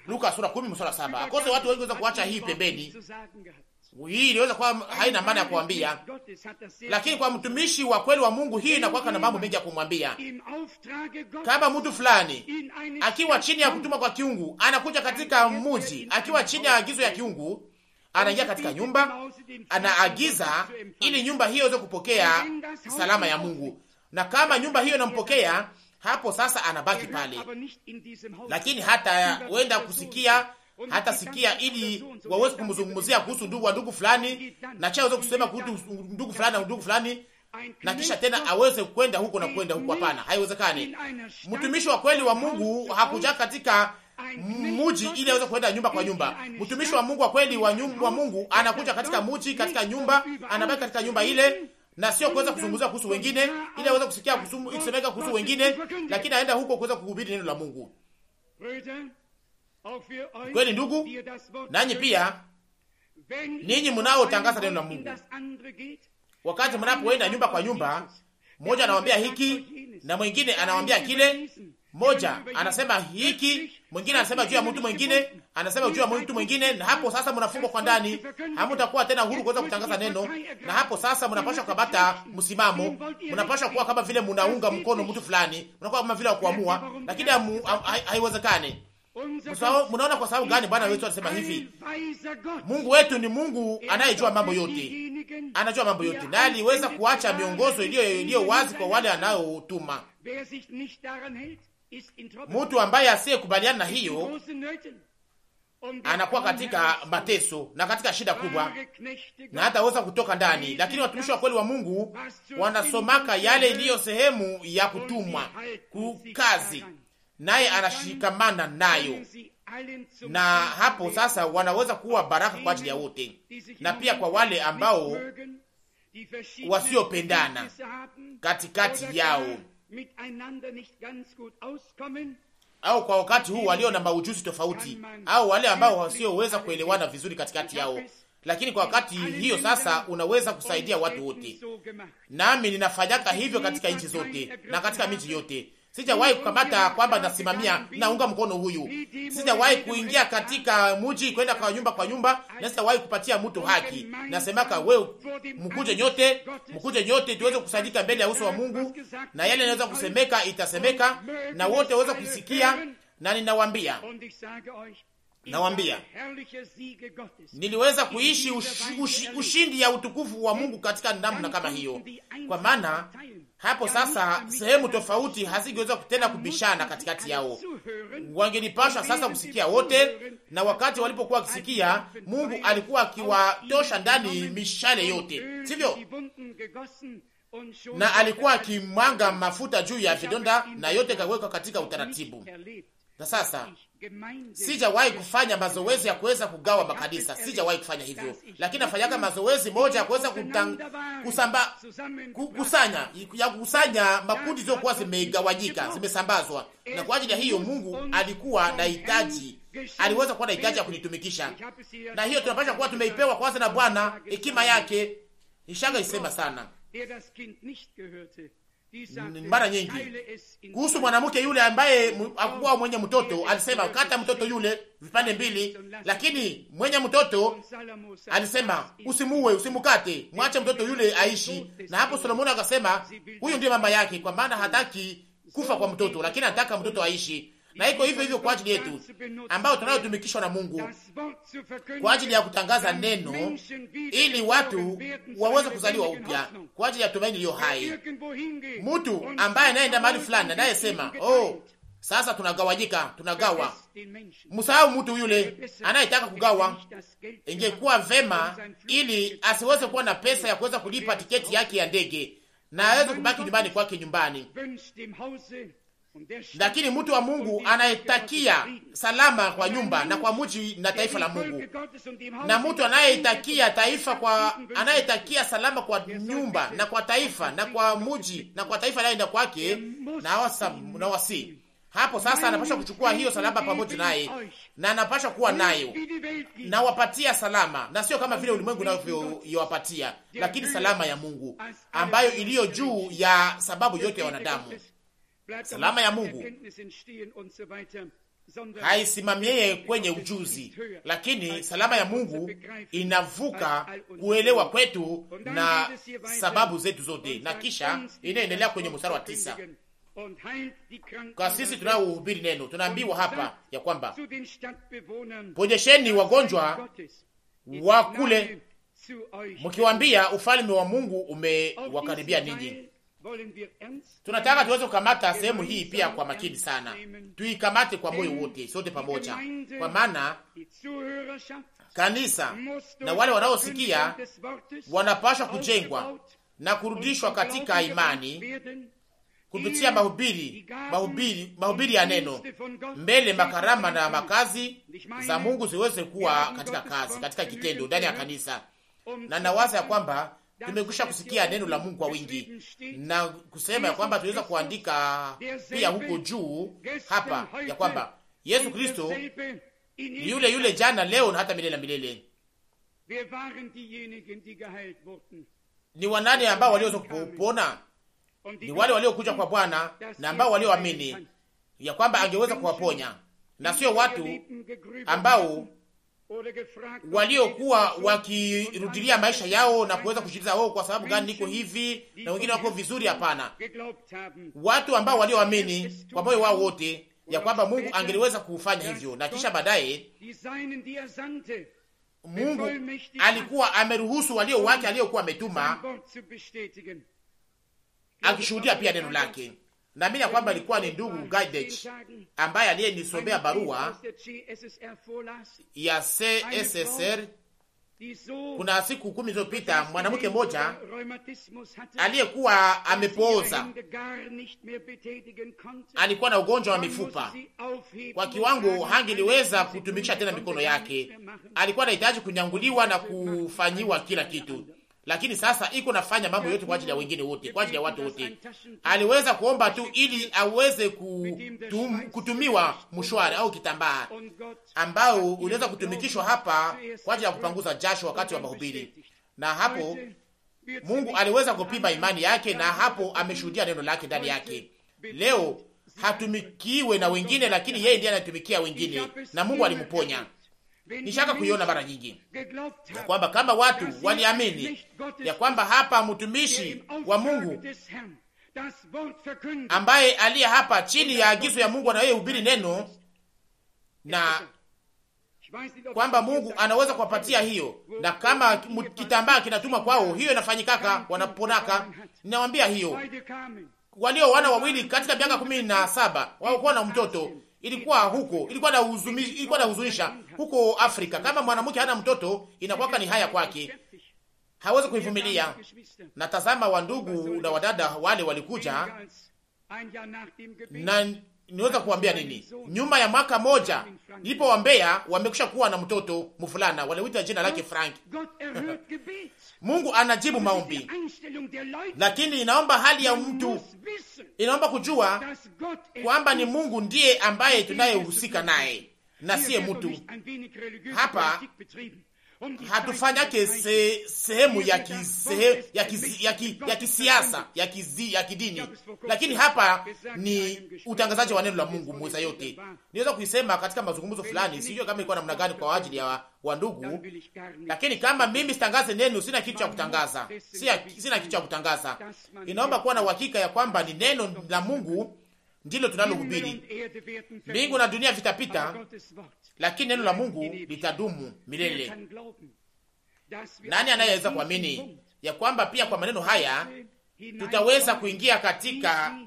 Speaker 2: Luka sura kumi mstari saba. Akose watu wengi weza kuacha hii pembeni hii iliweza kuwa haina maana ya kuambia, lakini kwa mtumishi wa kweli wa Mungu hii inakuwa na mambo mengi ya kumwambia. Kama mtu fulani akiwa chini ya kutuma kwa kiungu anakuja katika mji, akiwa chini ya agizo ya kiungu anaingia katika nyumba,
Speaker 1: anaagiza ili nyumba hiyo
Speaker 2: iweze kupokea salama ya Mungu, na kama nyumba hiyo inampokea hapo sasa anabaki pale,
Speaker 1: lakini hata
Speaker 2: wenda kusikia hata sikia, ili waweze kumzungumzia kuhusu ndugu wa ndugu fulani, na cha aweze kusema kuhusu ndugu fulani na ndugu fulani, na kisha tena aweze kwenda huko na kwenda huko. Hapana, haiwezekani. Mtumishi wa kweli wa Mungu hakuja katika muji ili aweze kwenda nyumba kwa nyumba. Mtumishi wa Mungu wa kweli wa, nyumba, wa Mungu anakuja katika muji, katika nyumba, anabaki katika nyumba ile na sio kuweza kuzungumza kuhusu wengine ili aweze kusikia kusumu ikisemeka kuhusu wengine, lakini aenda huko kuweza kuhubiri neno la Mungu.
Speaker 1: Kweli ndugu, nanyi pia ninyi mnaotangaza neno la Mungu,
Speaker 2: wakati mnapoenda nyumba kwa nyumba, mmoja anawambia hiki na mwingine anawambia kile, mmoja anasema hiki, mwingine anasema juu ya mtu mwingine, anasema juu ya mtu mwingine, na hapo sasa mnafungwa kwa ndani, hamtakuwa tena huru kuweza kutangaza neno. Na hapo sasa mnapaswa kukabata msimamo, mnapaswa kuwa kama vile mnaunga mkono mtu fulani, mnakuwa kama vile wa kuamua, lakini haiwezekani Mnaona kwa sababu gani Bwana wetu anasema hivi? Mungu wetu ni Mungu anayejua mambo yote, anajua mambo yote, naye aliweza kuacha miongozo iliyo iliyo wazi kwa wale anayotuma.
Speaker 1: Mtu ambaye asiyekubaliana na hiyo anakuwa katika
Speaker 2: mateso na katika shida kubwa, na hataweza kutoka ndani. Lakini watumishi wa kweli wa Mungu wanasomaka yale iliyo sehemu ya kutumwa kukazi naye anashikamana nayo, na hapo sasa wanaweza kuwa baraka kwa ajili ya wote, na pia kwa wale ambao
Speaker 1: wasiopendana
Speaker 2: katikati yao au kwa wakati huu walio na maujuzi tofauti au wale ambao wasioweza kuelewana vizuri katikati yao, lakini kwa wakati hiyo sasa unaweza kusaidia watu wote. Nami ninafanyaka hivyo katika nchi zote na katika miji yote, Sijawahi kukamata kwamba nasimamia naunga mkono huyu, sijawahi kuingia katika mji kwenda kwa nyumba kwa nyumba, na sijawahi kupatia mtu haki. Nasemaka wewe, mkuje nyote, mkuje nyote tuweze kusanyika mbele ya uso wa Mungu, na yale yanaweza kusemeka itasemeka, na wote waweza kusikia, na ninawaambia Nawambia niliweza kuishi ushi, ushi, ushindi ya utukufu wa Mungu katika namna kama hiyo, kwa maana hapo sasa sehemu tofauti hazingeweza tena kubishana katikati yao. Wangelipashwa sasa kusikia wote, na wakati walipokuwa wakisikia, Mungu alikuwa akiwatosha ndani mishale yote, sivyo? Na alikuwa akimwanga mafuta juu ya vidonda na yote kaweka katika utaratibu. Na sasa Sijawahi kufanya mazoezi ya kuweza kugawa makanisa, sijawahi kufanya hivyo, lakini nafanyaga mazoezi moja ya kuweza kusamba kukusanya ya kukusanya makundi zilizokuwa zimegawanyika, zimesambazwa, na kwa ajili ya hiyo Mungu alikuwa na hitaji, aliweza kuwa na hitaji ya kunitumikisha, na hiyo tunapasha kuwa tumeipewa kwanza na Bwana hekima yake. Ishanga isema sana mara nyingi
Speaker 1: kuhusu mwanamke
Speaker 2: yule ambaye akuwa mwenye mtoto, alisema kata mtoto yule vipande mbili, lakini mwenye mtoto alisema usimuue, usimukate, mwache mtoto yule aishi. Na hapo Solomoni akasema huyu ndiye mama yake, kwa maana hataki kufa kwa mtoto, lakini anataka mtoto aishi na iko hivyo hivyo kwa ajili yetu, ambayo tunayotumikishwa na Mungu kwa ajili ya kutangaza neno, ili watu waweze kuzaliwa upya kwa ajili ya tumaini iliyo hai. Mtu ambaye anayeenda mahali fulani anayesema oh, sasa tunagawanyika, tunagawa. Msahau mtu yule anayetaka kugawa. Ingekuwa vema ili asiweze kuwa na pesa ya kuweza kulipa tiketi yake ya ndege na aweze kubaki nyumbani kwake nyumbani lakini mtu wa Mungu anayetakia salama kwa nyumba na kwa mji na taifa la Mungu, na mtu anayetakia taifa kwa anayetakia salama kwa nyumba na kwa taifa na kwa mji na kwa taifa laenda kwake na wasa, na wasi hapo sasa, anapasha kuchukua hiyo salama pamoja naye na anapasha kuwa nayo na wapatia salama, na sio kama vile ulimwengu unavyowapatia, lakini salama ya Mungu ambayo iliyo juu ya sababu yote ya wanadamu.
Speaker 1: Salama ya Mungu haisimamie kwenye
Speaker 2: ujuzi, lakini salama ya Mungu inavuka kuelewa kwetu na sababu zetu zote. Na kisha inaendelea kwenye mstari wa tisa. Kwa sisi tunaohubiri neno tunaambiwa hapa ya kwamba
Speaker 1: ponyesheni wagonjwa
Speaker 2: wa kule,
Speaker 1: mkiwaambia
Speaker 2: ufalme wa Mungu umewakaribia ninyi. Tunataka tuweze kukamata sehemu hii pia kwa makini sana, tuikamate kwa moyo wote, sote pamoja, kwa maana kanisa na wale wanaosikia wanapashwa kujengwa na kurudishwa katika imani kupitia mahubiri, mahubiri, mahubiri ya neno mbele, makarama na makazi za Mungu ziweze kuwa katika kazi, katika kitendo ndani ya kanisa, na nawaza ya kwamba tumekwisha kusikia neno la Mungu kwa wingi na kusema ya kwamba tunaweza kuandika pia huko juu hapa ya kwamba Yesu Kristo
Speaker 1: yule yule
Speaker 2: jana, leo na hata milele na milele. Ni wanani ambao walioweza kupona?
Speaker 1: Ni wale waliokuja
Speaker 2: kwa Bwana na ambao walioamini ya kwamba angeweza kuwaponya na sio watu
Speaker 1: ambao
Speaker 2: waliokuwa wakirudilia maisha yao na kuweza kushiriza wao, kwa sababu gani niko hivi na wengine wako vizuri? Hapana, watu ambao walioamini kwa moyo wao wote ya kwamba Mungu angeliweza kufanya hivyo, na kisha baadaye Mungu alikuwa ameruhusu walio wake aliyokuwa ametuma akishuhudia pia neno lake naamini ya kwamba alikuwa ni ndugu Gaidech ambaye aliyenisomea barua ya CSSR kuna siku kumi zilizopita. Mwanamke mmoja aliyekuwa amepooza alikuwa na ugonjwa wa mifupa kwa kiwango, hangeliweza kutumikisha tena mikono yake, alikuwa anahitaji kunyanguliwa na kufanyiwa kila kitu lakini sasa iko nafanya mambo yote kwa ajili ya wengine wote, kwa ajili ya watu wote. Aliweza kuomba tu ili aweze kutum, kutumiwa mshwari au kitambaa ambao uliweza kutumikishwa hapa kwa ajili ya kupanguza jasho wakati wa mahubiri, na hapo Mungu aliweza kupima imani yake, na hapo ameshuhudia neno lake ndani yake. Leo hatumikiwe na wengine, lakini yeye ndiye anatumikia wengine, na Mungu alimponya
Speaker 1: Nishaka kuiona mara
Speaker 2: nyingi ya kwamba kama watu waliamini ya kwamba hapa mtumishi wa Mungu ambaye aliye hapa chini ya agizo ya Mungu anayehubiri neno na kwamba Mungu anaweza kuwapatia hiyo, na kama kitambaa kinatumwa kwao, hiyo inafanyikaka, wanaponaka. Ninawambia hiyo, walio wana wawili katika miaka kumi na saba waokuwa na mtoto ilikuwa huko, ilikuwa na huzuni, ilikuwa na huzunisha huko Afrika. Kama mwanamke hana mtoto, inakuwa ni haya kwake, hawezi kuivumilia. Na tazama, wandugu na wadada wale walikuja, na niweza kuambia nini, nyuma ya mwaka moja wambea wamekwisha kuwa na mtoto mfulana, waliwita jina lake Frank. Mungu anajibu maombi,
Speaker 1: lakini inaomba hali ya mtu
Speaker 2: inaomba kujua kwamba ni Mungu ndiye ambaye tunayehusika naye na siye mtu.
Speaker 1: Hapa hatufanyake
Speaker 2: se, sehemu ya kisiasa ya, kisi, ya, ki, ya, ki ya kidini lakini hapa ni utangazaji wa neno la Mungu mweza yote. Niweza kuisema katika mazungumzo fulani, sijui kama ilikuwa namna gani kwa ajili ya wandugu, lakini kama mimi sitangaze neno, sina kitu cha kutangaza, sina kitu cha kutangaza. Inaomba kuwa na uhakika ya kwamba ni neno la Mungu ndilo tunalohubiri. Mbingu na dunia vitapita, lakini neno la Mungu litadumu milele. Nani anayeweza kuamini ya kwamba pia kwa maneno haya tutaweza kuingia katika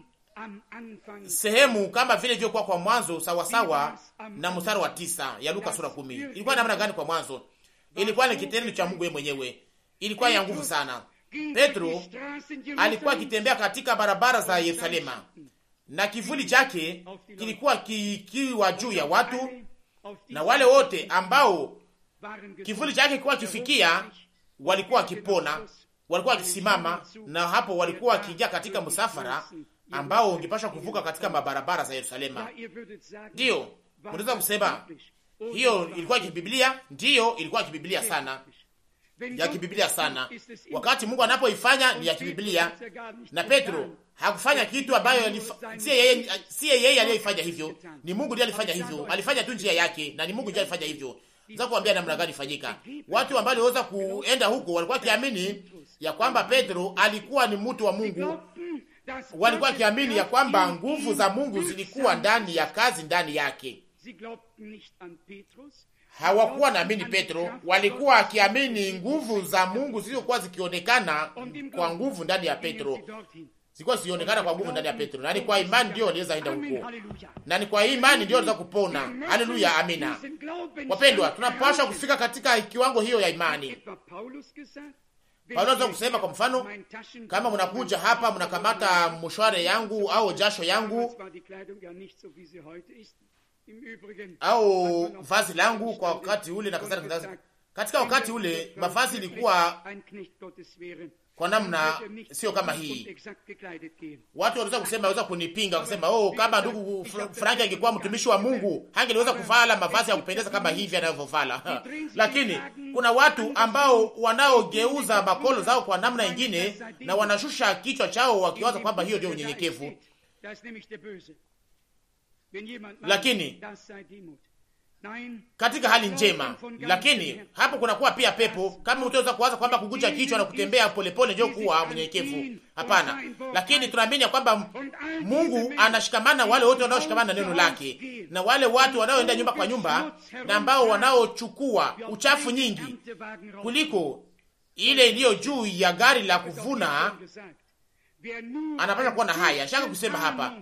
Speaker 2: sehemu kama vile ilivyokuwa kwa mwanzo, sawasawa na mstari wa tisa ya Luka sura kumi. Ilikuwa namna gani kwa mwanzo? Ilikuwa ni kitendo cha Mungu yeye mwenyewe, ilikuwa ya nguvu sana.
Speaker 1: Petro alikuwa
Speaker 2: akitembea katika barabara za Yerusalema na kivuli chake kilikuwa kikiwa juu ya watu, na wale wote ambao kivuli chake kilikuwa kifikia walikuwa wakipona, walikuwa wakisimama, na hapo walikuwa wakiingia katika msafara ambao ungepasha kuvuka katika mabarabara za Yerusalema.
Speaker 1: Ndiyo mnaweza kusema hiyo
Speaker 2: ilikuwa kibiblia? Ndiyo, ilikuwa kibiblia sana ya kibiblia sana. Wakati Mungu anapoifanya ni ya kibiblia, na Petro hakufanya kitu ambayo si yeye, siye yeye aliyoifanya hivyo, ni Mungu ndiye alifanya hivyo. Alifanya tu njia yake, na ni Mungu ndiye alifanya hivyo. Za kuambia namna gani ifanyika. Watu ambao waliweza kuenda huko walikuwa kiamini ya kwamba Petro alikuwa ni mtu wa Mungu, walikuwa kiamini ya kwamba nguvu za Mungu zilikuwa ndani ya kazi ndani yake hawakuwa naamini Petro, walikuwa akiamini nguvu za Mungu zilizokuwa zikionekana kwa nguvu ndani ya Petro, zilikuwa zikionekana kwa nguvu ndani ya Petro, na ni kwa imani ndio waliweza enda huko, na ni kwa imani ndio waliweza kupona. Haleluya, amina. Wapendwa, tunapashwa kufika katika kiwango hiyo ya imani.
Speaker 1: Paulo anaweza kusema kwa mfano, kama
Speaker 2: mnakuja hapa mnakamata mshware yangu au jasho yangu
Speaker 1: au
Speaker 2: vazi langu kwa wakati ule na kadhalika. Katika wakati ule mavazi ilikuwa
Speaker 1: kwa namna sio kama hii.
Speaker 2: Watu waliweza kusema, waweza kunipinga kusema, oh, kama ndugu Franki angekuwa mtumishi wa Mungu hangeliweza kuvala mavazi ya kupendeza kama hivi anavyovala. Lakini kuna watu ambao wanaogeuza makolo zao kwa namna ingine na wanashusha kichwa chao wakiwaza kwamba hiyo ndio unyenyekevu
Speaker 1: lakini katika hali njema, lakini
Speaker 2: hapo kunakuwa pia pepo. Kama utaweza kuwaza kwamba kugucha kichwa na kutembea polepole ndio kuwa mnyenyekevu, hapana. Lakini tunaamini kwamba Mungu anashikamana wale wote wanaoshikamana na neno lake, na wale watu wanaoenda nyumba kwa nyumba na ambao wanaochukua uchafu nyingi kuliko ile iliyo juu ya gari la kuvuna, anapasha kuwa na haya shaka kusema hapa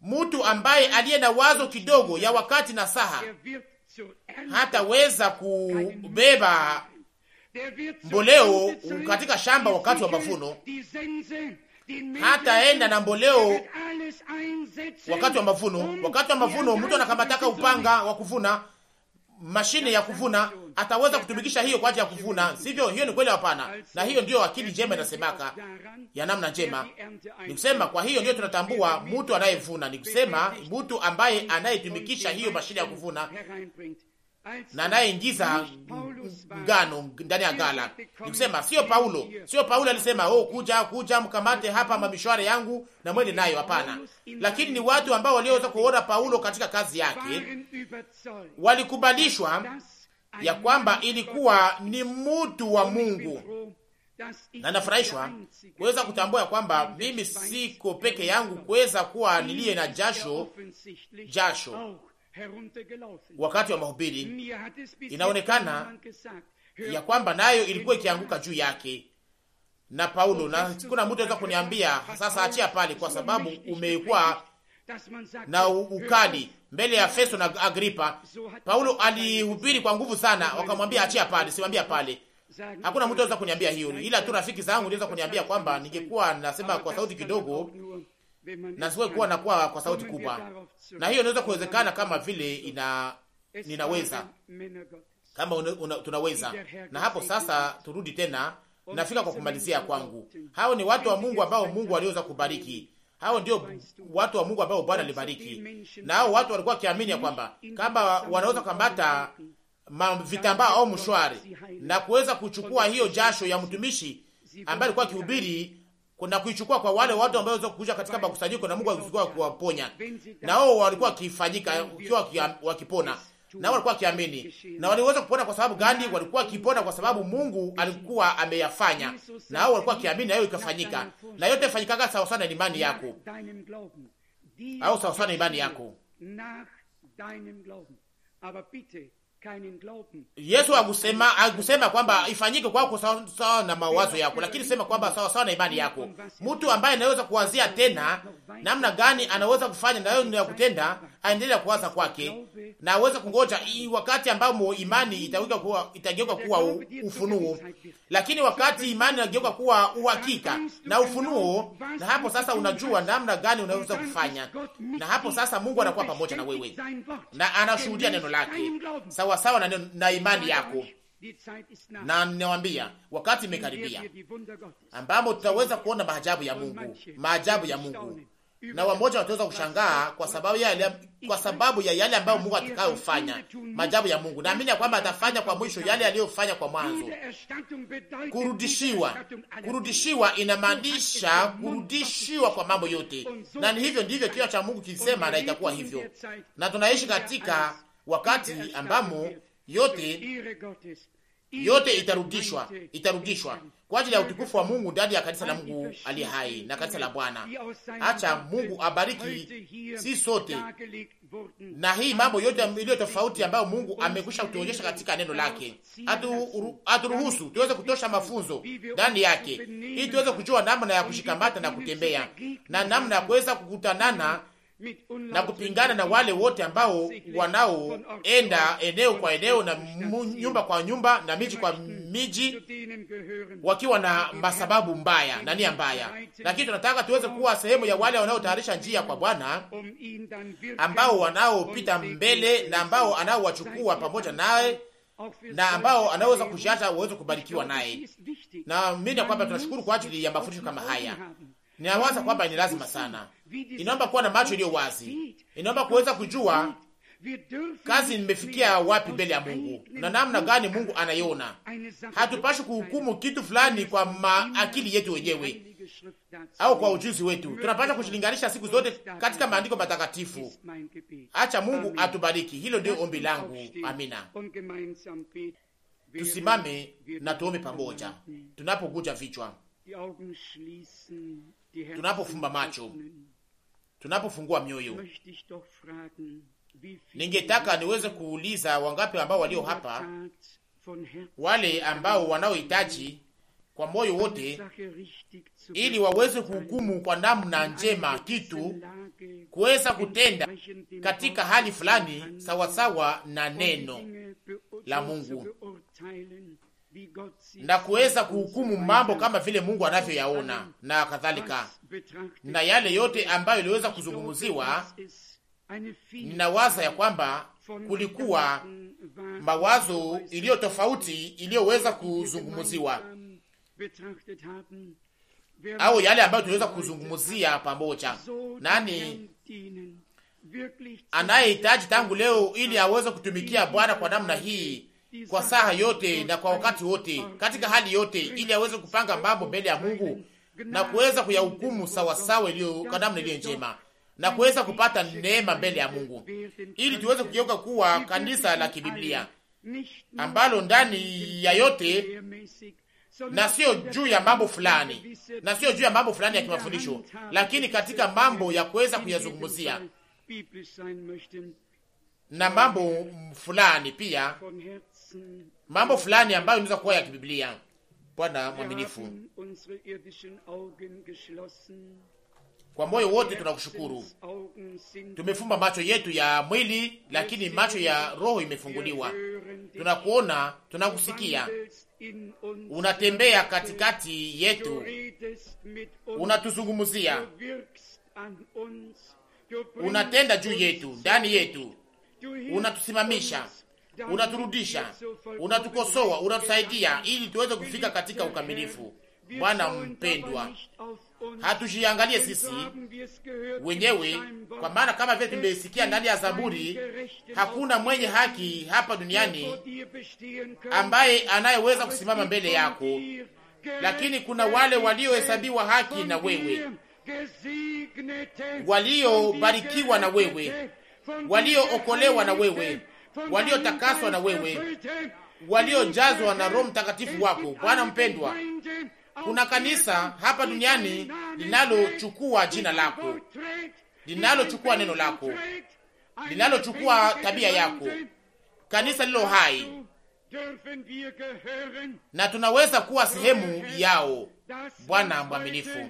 Speaker 2: Mtu ambaye aliye na wazo kidogo ya wakati na saha hataweza kubeba
Speaker 1: mboleo
Speaker 2: katika shamba wakati wa mavuno,
Speaker 1: hataenda na mboleo
Speaker 2: wakati wa mavuno. Wakati wa mavuno, mtu anakamataka upanga wa kuvuna mashine ya kuvuna ataweza kutumikisha hiyo kwa ajili ya kuvuna, sivyo? Hiyo ni kweli? Hapana. Na hiyo ndiyo akili njema inasemaka ya namna njema, ni kusema. Kwa hiyo ndiyo tunatambua mtu anayevuna, ni kusema mtu ambaye anayetumikisha hiyo mashine ya kuvuna na anayeingiza ngano ndani ya gala. Nikusema sio Paulo, sio Paulo alisema oh, kuja kuja, mkamate hapa mamishware yangu na mwende nayo. Hapana, lakini ni watu ambao walioweza kuona Paulo katika kazi yake walikubalishwa ya kwamba ilikuwa ni mtu wa Mungu, na nafurahishwa kuweza kutambua ya kwamba mimi siko peke yangu kuweza kuwa niliye na jasho
Speaker 1: jasho
Speaker 2: wakati wa mahubiri,
Speaker 1: inaonekana
Speaker 2: ya kwamba nayo ilikuwa ikianguka juu yake na Paulo, na kuna mtu alikuwa kuniambia sasa, achia pale, kwa sababu umekuwa
Speaker 1: na ukali
Speaker 2: mbele ya Festo na Agripa. Paulo alihubiri kwa nguvu sana, wakamwambia achia pale, siwambia pale. Hakuna mtu anaweza kuniambia hiyo, ila tu rafiki zangu niweza kuniambia kwamba ningekuwa nasema kwa sauti kidogo na siwe kuwa nakuwa kwa sauti kubwa, na hiyo inaweza kuwezekana kama vile ina ninaweza kama una, una, tunaweza. Na hapo sasa turudi tena, nafika kwa kumalizia kwangu. Hao ni watu wa Mungu ambao Mungu aliweza kubariki. Hao ndio watu wa Mungu ambao Bwana alibariki, na hao watu walikuwa wakiamini ya kwamba kama wanaweza kukamata vitambaa au mshwari na kuweza kuchukua hiyo jasho ya mtumishi ambaye alikuwa akihubiri kuna kuichukua kwa wale watu ambao waweza kukuja katika makusanyiko na Mungu alikuwa kuwaponya, na wao walikuwa wakifanyika ukiwa wakipona, na walikuwa wakiamini, na waliweza kupona. Kwa sababu gani? Walikuwa wakipona kwa sababu Mungu alikuwa ameyafanya, na wao walikuwa wakiamini, nayo ikafanyika. Na yote ifanyikaga sawa sana na imani yako,
Speaker 1: au sawa sana na imani yako
Speaker 2: Yesu akusema akusema kwamba ifanyike kwako sawa sawa na mawazo yako, lakini sema kwamba sawa sawa na imani yako. Mtu ambaye anaweza kuwazia tena namna gani anaweza kufanya nayo ya kutenda, aendelea kuwaza kwake na aweze kungoja wakati ambao imani itageuka kuwa itageuka kuwa ufunuo. Lakini wakati imani inageuka kuwa uhakika na ufunuo, na hapo sasa unajua namna gani unaweza kufanya, na hapo sasa Mungu anakuwa pamoja na wewe na anashuhudia neno lake sawa sawasawa na, na imani yako. Na ninawambia wakati imekaribia ambamo tutaweza kuona maajabu ya Mungu, maajabu ya Mungu, na wamoja wataweza kushangaa kwa sababu ya, kwa sababu ya yale ambayo Mungu atakayofanya, majabu ya Mungu. Naamini ya kwamba atafanya kwa mwisho yale aliyofanya kwa mwanzo. Kurudishiwa, kurudishiwa inamaanisha kurudishiwa kwa mambo yote, na ni hivyo ndivyo kiwa cha Mungu kilisema, na itakuwa hivyo, na tunaishi katika wakati ambamo yote yote itarudishwa itarudishwa kwa ajili ya utukufu wa Mungu ndani ya kanisa la Mungu aliye hai na kanisa la Bwana. Acha Mungu abariki si sote na hii mambo yote iliyo tofauti ambayo Mungu amekwisha kutuonyesha katika neno lake. Haturuhusu tuweze kutosha mafunzo ndani yake, ili tuweze kujua namna ya kushikamata na kutembea na namna ya kuweza kukutanana na kupingana na wale wote ambao wanaoenda eneo kwa eneo na nyumba kwa nyumba na miji kwa miji wakiwa na masababu mbaya na nia mbaya. Lakini tunataka tuweze kuwa sehemu ya wale wanaotayarisha njia kwa Bwana, ambao wanaopita mbele na ambao anaowachukua pamoja naye na ambao anaweza kushata waweze kubarikiwa naye. Naamini ya kwamba tunashukuru kwa ajili ya mafundisho kama haya. Ninawaza kwamba ni lazima sana, inaomba kuwa na macho iliyo wazi, inaomba kuweza kujua kazi nimefikia wapi mbele ya Mungu na namna gani Mungu anaiona. Hatupashi kuhukumu kitu fulani kwa maakili yetu wenyewe au kwa ujuzi wetu, tunapasha kujilinganisha siku zote katika maandiko matakatifu. Acha Mungu atubariki. Hilo ndio ombi langu. Amina. Tusimame na tuombe pamoja tunapokuja vichwa
Speaker 1: tunapofumba
Speaker 2: macho, tunapofungua mioyo. Ningetaka niweze kuuliza wangapi ambao walio hapa, wale ambao wanaohitaji kwa moyo wote, ili waweze kuhukumu kwa namna njema kitu, kuweza kutenda katika hali fulani sawasawa na neno la Mungu na kuweza kuhukumu mambo kama vile Mungu anavyoyaona na kadhalika, na yale yote ambayo iliweza kuzungumziwa. Na waza ya kwamba kulikuwa mawazo iliyo tofauti iliyoweza kuzungumziwa
Speaker 1: au yale ambayo tunaweza
Speaker 2: kuzungumzia pamoja. Nani anayehitaji tangu leo ili aweze kutumikia Bwana kwa namna hii kwa saha yote na kwa wakati wote, katika hali yote, ili aweze kupanga mambo mbele ya Mungu na kuweza kuyahukumu sawasawa iliyo kadamna iliyo njema na kuweza kupata neema mbele ya Mungu ili tuweze kugeuka kuwa kanisa la kibiblia ambalo ndani ya yote na sio juu ya mambo fulani na sio juu ya mambo fulani ya kimafundisho, lakini katika mambo ya kuweza kuyazungumzia na mambo fulani pia mambo fulani ambayo inaweza kuwa ya kibiblia. Bwana mwaminifu, kwa moyo wote tunakushukuru. Tumefumba macho yetu ya mwili, lakini macho ya roho imefunguliwa. Tunakuona, tunakusikia, unatembea katikati yetu,
Speaker 1: unatuzungumzia, unatenda juu
Speaker 2: yetu, ndani yetu, unatusimamisha unaturudisha, unatukosoa, unatusaidia ili tuweze kufika katika ukamilifu. Bwana mpendwa, hatujiangalie sisi wenyewe, kwa maana kama vile tumesikia ndani ya Zaburi, hakuna mwenye haki hapa duniani ambaye anayeweza kusimama mbele yako, lakini kuna wale waliohesabiwa haki na wewe, waliobarikiwa na wewe, waliookolewa na wewe waliotakaswa na wewe, waliojazwa na Roho Mtakatifu wako. Bwana mpendwa, kuna kanisa hapa duniani linalochukua jina lako, linalochukua neno lako,
Speaker 1: linalochukua tabia yako,
Speaker 2: kanisa lilo hai, na tunaweza kuwa sehemu yao. Bwana mwaminifu,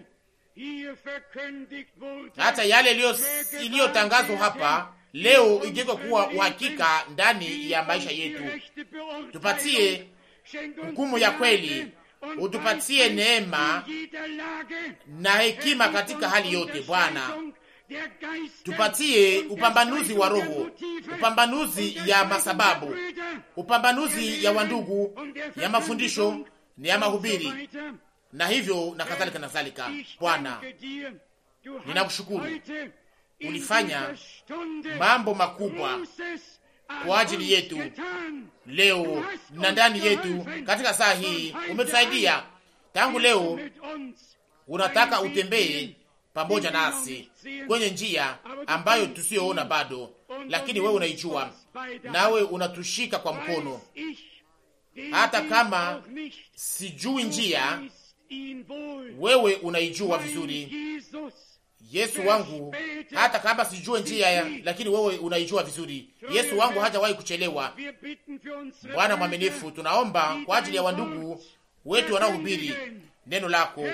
Speaker 2: hata yale iliyotangazwa hapa leo igeuka kuwa uhakika ndani ya maisha yetu. Tupatie hukumu ya kweli, utupatie neema na hekima katika hali yote, Bwana. Tupatie upambanuzi wa roho, upambanuzi ya masababu, upambanuzi ya wandugu, ya mafundisho na ya mahubiri, na hivyo na kadhalika na kadhalika. Bwana, ninakushukuru ulifanya mambo makubwa kwa ajili yetu leo na ndani yetu katika saa hii. Umetusaidia tangu leo, unataka utembee pamoja nasi kwenye njia ambayo tusiyoona bado, lakini wewe unaijua, nawe unatushika kwa mkono.
Speaker 1: Hata kama
Speaker 2: sijui njia, wewe unaijua vizuri Yesu wangu, hata kama sijue njia, lakini wewe unaijua vizuri. Yesu wangu hajawahi kuchelewa.
Speaker 1: Bwana mwaminifu,
Speaker 2: tunaomba kwa ajili ya wandugu wetu wanaohubiri neno lako.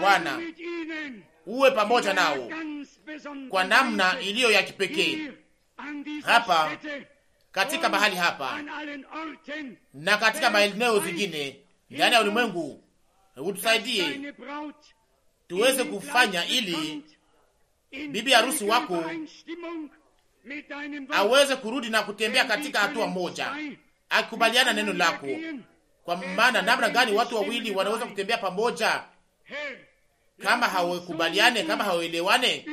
Speaker 2: Bwana, uwe pamoja nao
Speaker 1: kwa namna iliyo ya kipekee hapa
Speaker 2: katika mahali hapa na katika maeneo zingine ndani ya ulimwengu, utusaidie
Speaker 1: tuweze kufanya ili
Speaker 2: bibi harusi wako aweze kurudi na kutembea katika hatua moja, akikubaliana neno lako. Kwa maana namna gani watu wawili wanaweza kutembea pamoja kama hawakubaliane, kama hawaelewane?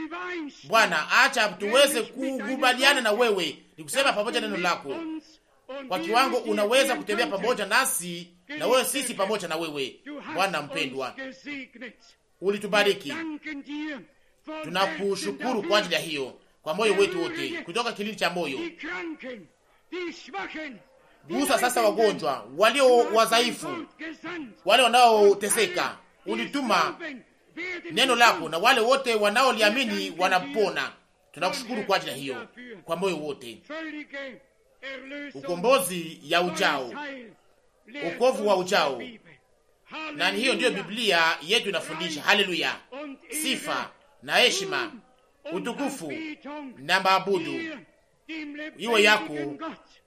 Speaker 2: Bwana, acha tuweze kukubaliana na wewe, ni kusema pamoja neno lako kwa kiwango unaweza kutembea pamoja nasi na wewe, sisi pamoja na wewe. Bwana mpendwa, ulitubariki.
Speaker 1: Tunakushukuru kwa ajili ya hiyo
Speaker 2: kwa moyo wetu wote, kutoka kilindi cha moyo. Gusa sasa wagonjwa walio wadhaifu, wale wanaoteseka. Ulituma neno lako na wale wote wanaoliamini wanapona. Tunakushukuru kwa ajili ya hiyo kwa moyo wote.
Speaker 1: Ukombozi ya ujao, ukovu wa ujao na hiyo
Speaker 2: ndiyo Biblia yetu inafundisha. Haleluya! sifa na heshima, utukufu
Speaker 1: na maabudu iwe yako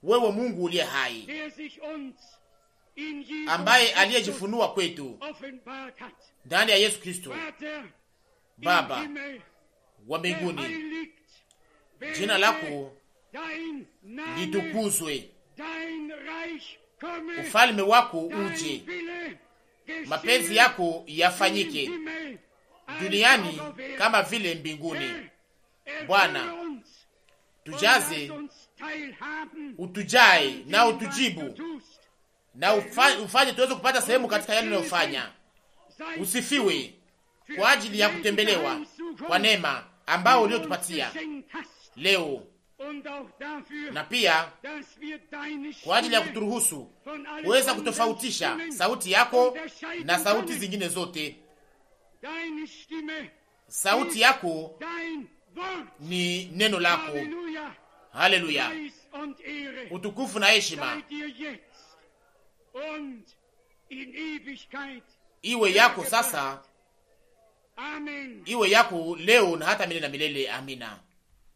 Speaker 2: wewe, Mungu uliye hai,
Speaker 1: ambaye aliyejifunua kwetu
Speaker 2: ndani ya Yesu Kristo. Baba wa mbinguni,
Speaker 1: jina lako litukuzwe, ufalme wako uje mapenzi yako
Speaker 2: yafanyike
Speaker 1: duniani kama vile mbinguni. Bwana,
Speaker 2: tujaze, utujae na utujibu na ufanye tuweze kupata sehemu katika yale unayofanya. Usifiwe kwa ajili ya kutembelewa kwa neema ambao uliotupatia leo
Speaker 1: na pia kwa ajili ya kuturuhusu kuweza kutofautisha sauti yako na sauti
Speaker 2: zingine zote. Sauti yako ni neno lako. Haleluya,
Speaker 1: utukufu na heshima
Speaker 2: iwe yako sasa, iwe yako leo na hata milele na milele. Amina.